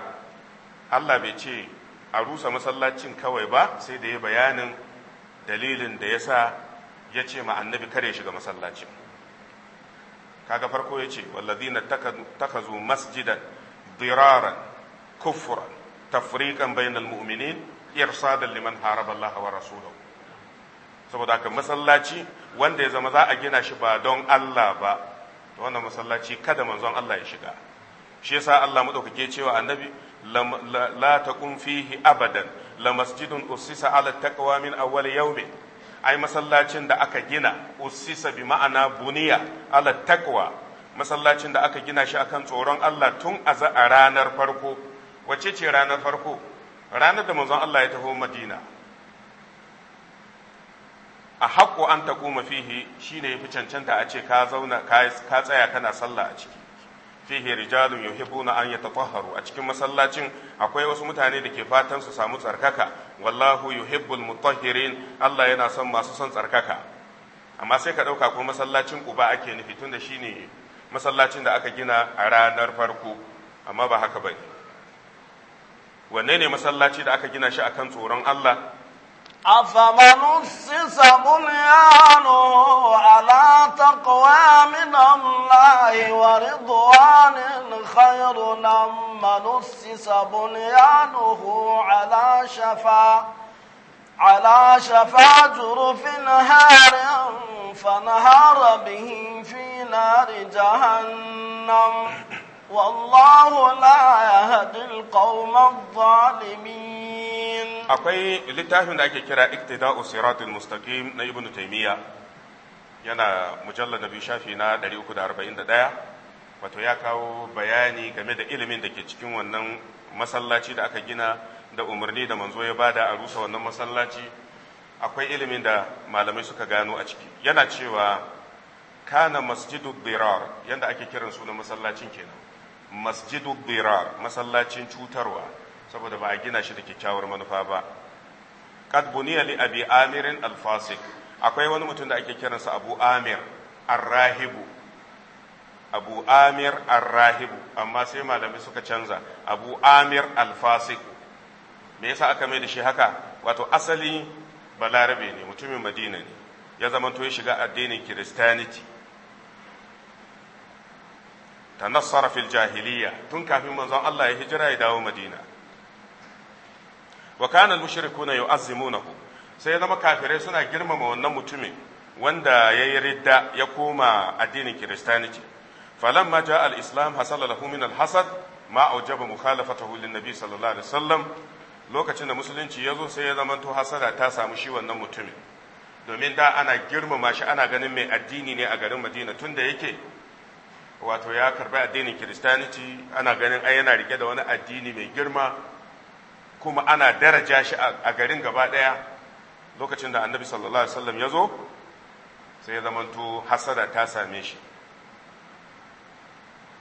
Allah bai ce a rusa masallacin kawai ba sai da ya bayanin dalilin da yasa ya ce ma annabi kare shiga masallacin kaga farko ya ce wallazina takazu masjidan diraran kufran tafriqan bainal mu'minin irsadan liman haraba Allah wa Rasuluhu. saboda haka masallaci wanda ya zama za a gina shi ba don Allah ba to wannan masallaci kada manzon Allah ya shiga shi yasa Allah madaukake cewa annabi la taqum fihi abadan la masjidun usisa ala taqwa min awwal yawmin ai masallacin da aka gina usisa bi ma'ana buniya ala takwa masallacin da aka gina shi akan tsoron Allah tun a ranar farko wace ce ranar farko ranar da manzon Allah ya taho Madina a haƙo an taƙo mafihi shine ya fi cancanta a ce ka zauna ka tsaya kana sallah a ciki fihi rijalun yuhibbuna an yatatahharu a cikin masallacin akwai wasu mutane da ke fatan su samu tsarkaka wallahu yuhibbul mutahhirin Allah yana son masu son tsarkaka amma sai ka dauka ko masallacin Quba ake nufi tunda shine masallacin da aka gina a ranar farko amma ba haka bane wanne ne masallaci da aka gina shi akan tsoron Allah أفمن أسس بنيانه على تقوى من الله ورضوان خير من أسس بنيانه على شفا على شفا جرف نهار فنهار به في نار جهنم والله لا يهد القوم الظالمين akwai littafin da ake kira iktida'u siratul mustaqim na ibnu taymiya yana mujallar na biyu shafi na 341 wato ya kawo bayani game da ilimin da ke cikin wannan masallaci da aka gina da umarni da manzo ya bada a rusa wannan masallaci akwai ilimin da malamai suka gano a ciki yana cewa kana masjidu birar yanda ake kiran suna masallacin kenan masjidu birar masallacin cutarwa saboda ba a gina shi da kyakkyawar manufa ba kad buniya li abi amirin al-fasik akwai wani mutum da ake kiransa abu amir ar-rahibu abu amir ar-rahibu amma sai malami suka canza abu amir al-fasik me yasa aka mai da shi haka wato asali balarabe ne mutumin madina ne ya zamanto ya shiga addinin kiristaniti tanassara fil jahiliya tun kafin manzon Allah ya hijira ya dawo Madina wa kana al-mushrikuna yu'azzimunahu sai zama kafirai suna girmama wannan mutumin wanda yi ridda ya koma addinin Kiristaniti falamma jaa al-islam hasala lahu min al-hasad ma aujaba mukhalafatahu lin-nabi sallallahu alaihi wasallam lokacin da musulunci ya zo sai ya zamanto hasada ta samu shi wannan mutumin domin da ana girmama shi ana ganin mai addini ne a garin Madina tunda yake wato ya karbi addinin kiristaniti ana ganin ai yana rike da wani addini mai girma kuma ana daraja shi a garin gaba ɗaya lokacin da annabi sallallahu alaihi wasallam ya zo sai ya zamanto hasada ta same shi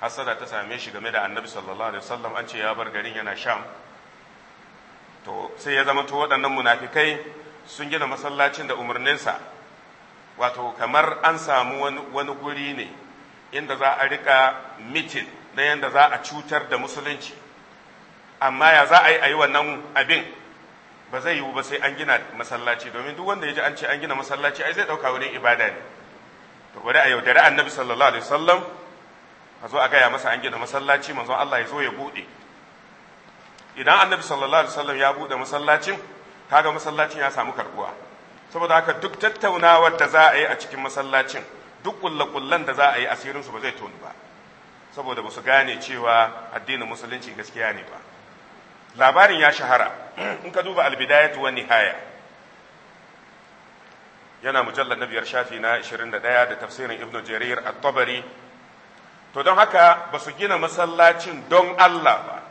hasada ta same shi game da annabi sallallahu alaihi wasallam an ce ya bar garin yana sham to sai ya zamanto waɗannan munafikai sun gina masallacin da umarninsa wato kamar an samu wani guri ne inda za a rika mitin na yadda za a cutar da musulunci amma ya za a yi a yi wannan abin ba zai yiwu ba sai an gina masallaci domin duk wanda ya ji an ce an gina masallaci ai zai ɗauka wani ibada ne to bari a yaudari annabi sallallahu alaihi wasallam a zo a gaya masa an gina masallaci manzon Allah ya zo ya buɗe idan annabi sallallahu alaihi wasallam ya buɗe masallacin kaga masallacin ya samu karbuwa saboda haka duk tattaunawar da za a yi a cikin masallacin duk kullakullan da za a yi asirin su ba zai toni ba saboda ba su gane cewa addinin musulunci gaskiya ne ba labarin ya shahara [CLEARS THROAT] in ka duba albidayatu wa nihaya yana mujallar na biyar shafi na 21 da tafsirin ibn jarir at-tabari to don haka ba su gina masallacin don Allah ba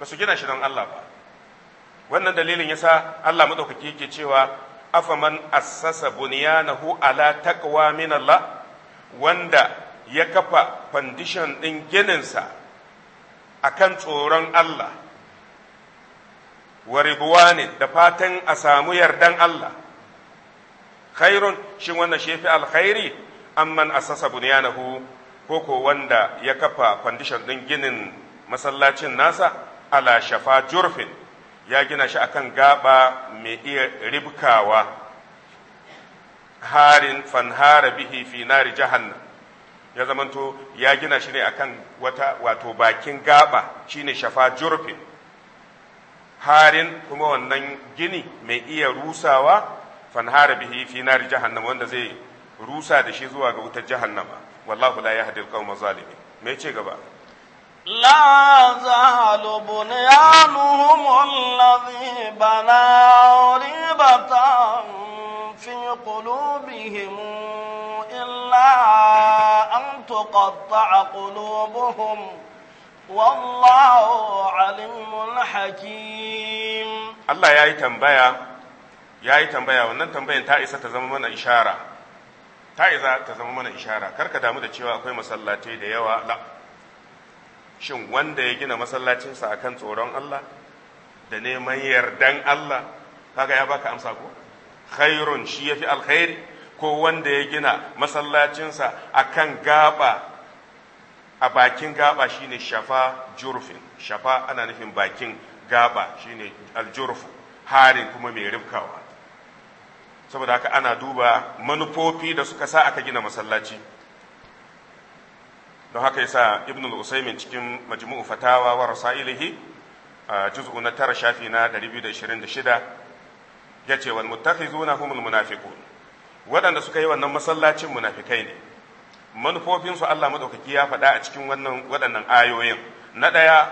ba su gina shi don Allah ba wannan dalilin yasa Allah madaukaki yake cewa afaman assasa bunyanahu ala taqwa min Allah wanda ya kafa fandishan ɗin gininsa a kan tsoron Allah wa ne da fatan a samu yardan Allah khairun shi wannan shefi alkhairi amman asasa bunyanahu ko ko wanda ya kafa fandishan ɗin ginin masallacin nasa ala shafa jurfin ya gina shi akan gaba mai iya ribkawa harin fanhara bihi fi nari jahannam ya zamanto ya gina shi ne akan wata wato bakin gaba shine shafa jurfin harin kuma wannan gini mai iya rusawa fanhara bihi fi nari jahannam wanda zai rusa da shi zuwa ga wutar jahannama wallahu la yahdi al-qawma zalimin me ce gaba لا زال بنيانهم الذي بنى ريبة في قلوبهم إلا أن تقطع قلوبهم والله عليم حكيم الله يا تنبيا يا تنبيا wannan tambayan ta isa ta zama mana ishara ta isa ta zama mana ishara karka damu da cewa akwai masallatai da yawa la shin wanda ya gina masallacinsa akan tsoron Allah da neman yardan Allah kaga ya baka amsa ko khairun shi ya fi alkhairi ko wanda ya gina masallacinsa kan gaba a bakin gaba shine shafa jurfin shafa ana nufin bakin gaba shine aljurfu harin kuma mai rifkawa saboda haka ana duba manufofi da suka sa aka gina masallaci don haka yasa ibn al-usaymin cikin majmu'u fatawa wa rasailihi juz'u na tara shafi na 226 yace wal muttakhizuna humul munafiqun waɗanda suka yi wannan masallacin munafikai ne manufofin su Allah madaukaki ya faɗa a cikin wannan waɗannan ayoyin na ɗaya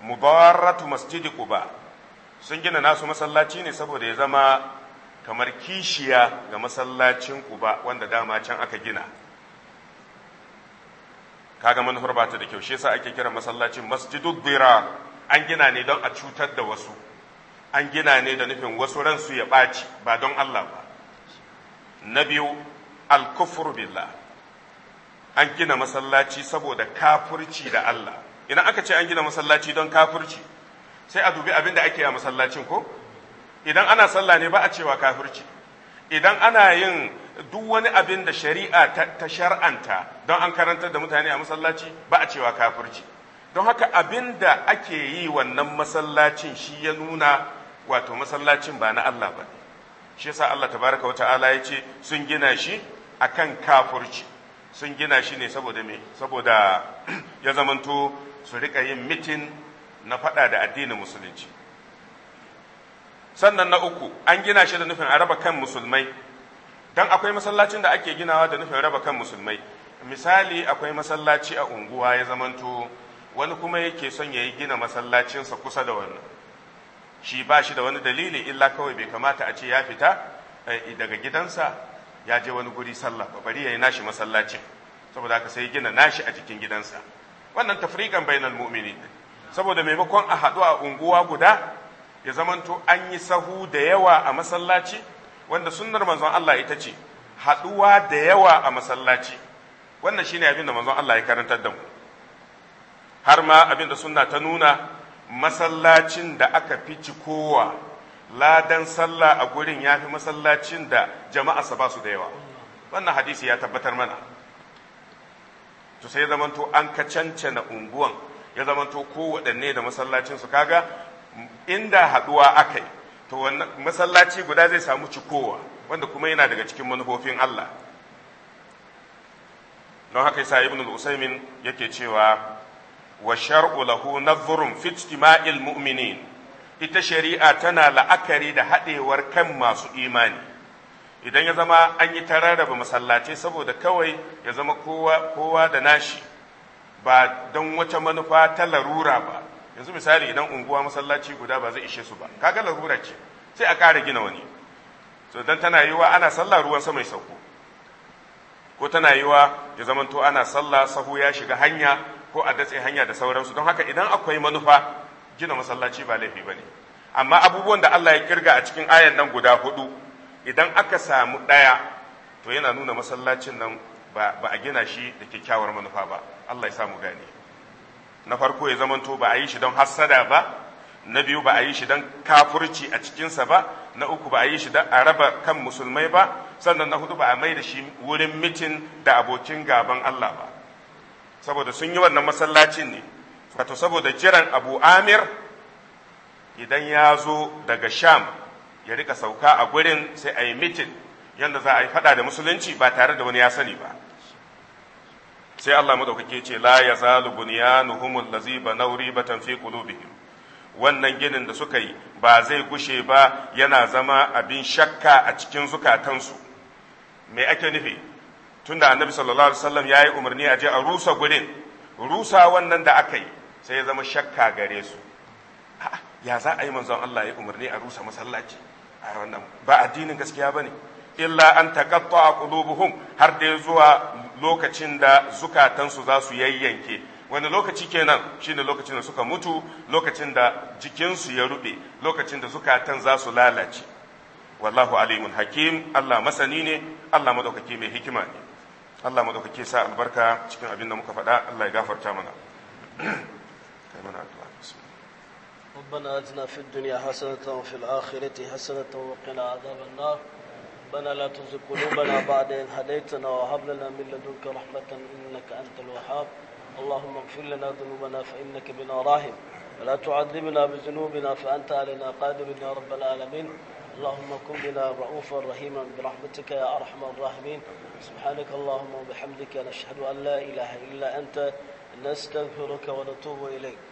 mubarratu masjidi quba sun gina nasu masallaci ne saboda ya zama kamar kishiya ga masallacin quba wanda dama can aka gina kaga manufar ba ta da kyau shi yasa ake kiran masallacin masjidu dira an gina ne don a cutar da wasu an gina ne da nufin wasu ransu ya ɓaci ba don Allah ba na biyu alkufur billah an gina masallaci saboda kafurci da Allah idan aka ce an gina masallaci don kafurci sai a dubi abin da ake a masallacin ko idan ana sallah ne ba a cewa kafirci idan ana yin duk wani abin da shari'a ta shar'anta don an karantar da mutane a masallaci ba a cewa kafirci don haka abin da ake yi wannan masallacin shi ya nuna wato masallacin ba na Allah ba shi yasa Allah tabaraka wa ta'ala ya ce sun gina shi akan kafirci sun gina shi ne saboda me saboda [CLEARS THROAT] ya zamanto su rika yin mitin na fada da addinin musulunci sannan na uku an gina shi da nufin a raba kan musulmai dan akwai masallacin da ake ginawa da nufin raba kan musulmai misali akwai masallaci a unguwa ya zamanto wani kuma yake son ya yi gina masallacinsa kusa da wannan shi ba shi da wani dalili illa kawai bai kamata a ce ya fita eh, daga gidansa ya je wani guri sallah ba bari ya yi nashi masallacin saboda haka sai gina nashi a cikin gidansa wannan tafriqan bainal mu'minin saboda maimakon a haɗu a unguwa guda ya zamanto an yi sahu da yawa a masallaci wanda sunnar manzon Allah ita ce haɗuwa da yawa a masallaci wannan shine abin da manzon Allah ya karantar da mu har ma abin da sunna ta nuna masallacin da aka fi cikowa ladan sallah a gurin ya fi masallacin da jama'a sa basu da yawa wannan hadisi ya tabbatar mana to sai zamanto an ka cancana unguwan ya zamanto kowaɗanne da masallacinsu kaga inda haɗuwa aka yi to masallaci guda zai samu cikowa wanda kuma yana daga cikin manufofin Allah don haka yasa ibn al-usaymin yake cewa wa shar'u lahu nadhrun fi ijtima'il mu'minin ita shari'a tana la'akari da hadewar kan masu imani idan ya zama an yi tararraba masallaci saboda kawai ya zama kowa kowa da nashi ba don wata manufa ta larura ba yanzu misali idan unguwa masallaci guda ba zai ishe su ba kaga larura ce sai a kara gina wani so dan tana yiwa ana sallah ruwan sama ya sauko ko tana yiwa ya zamanto ana sallah sahu ya shiga hanya ko a datse hanya da sauransu don haka idan akwai manufa gina masallaci ba laifi bane amma abubuwan da Allah ya kirga a cikin ayan nan guda hudu idan aka samu ɗaya to yana nuna masallacin nan ba a gina shi da kyakkyawar manufa ba Allah ya samu gane na farko ya zamanto ba a yi shi don hassada ba na biyu ba a yi shi don kafurci a cikinsa ba na uku ba a yi shi don a raba kan musulmai ba sannan na hudu ba a mai da shi wurin mitin da abokin gaban Allah ba saboda sun yi wannan masallacin ne wato saboda jiran abu amir idan ya zo daga sham ya rika sauka a gurin sai a yi mitin yadda za a yi fada da musulunci ba tare da wani ya sani ba sai Allah madaukake ce la yazalu bunyanuhum allazi banaw nauri fi qulubihim wannan ginin da suka yi ba zai gushe ba yana zama abin shakka a cikin zukatansu me ake nufi tunda annabi sallallahu alaihi wasallam yayi umarni a je a rusa gurin rusa wannan da aka yi sai ya zama shakka gare su ya za a yi manzon Allah ya umarni a rusa masallaci a wannan ba addinin gaskiya bane illa an taqatta qulubuhum har da zuwa lokacin da zukatansu za su yayyanke wani lokaci kenan shine lokacin da suka mutu lokacin da jikinsu ya rube lokacin da zukatan za su lalace wallahu alimun hakim Allah masani ne Allah madaukake mai hikima ne Allah madaukake sa albarka cikin abin da muka faɗa Allah ya gafarta mana [CLEARS THROAT] kai mana addu'a ربنا اتنا في الدنيا حسنه وفي الاخره حسنه وقنا عذاب النار ربنا لا تزغ قلوبنا بعد إذ هديتنا وهب لنا من لدنك رحمة إنك أنت الوهاب اللهم اغفر لنا ذنوبنا فإنك بنا راهب ولا تعذبنا بذنوبنا فأنت علينا قادر يا رب العالمين اللهم كن بنا رؤوفا رحيما برحمتك يا أرحم الراحمين سبحانك اللهم وبحمدك نشهد أن لا إله إلا أنت نستغفرك ونتوب إليك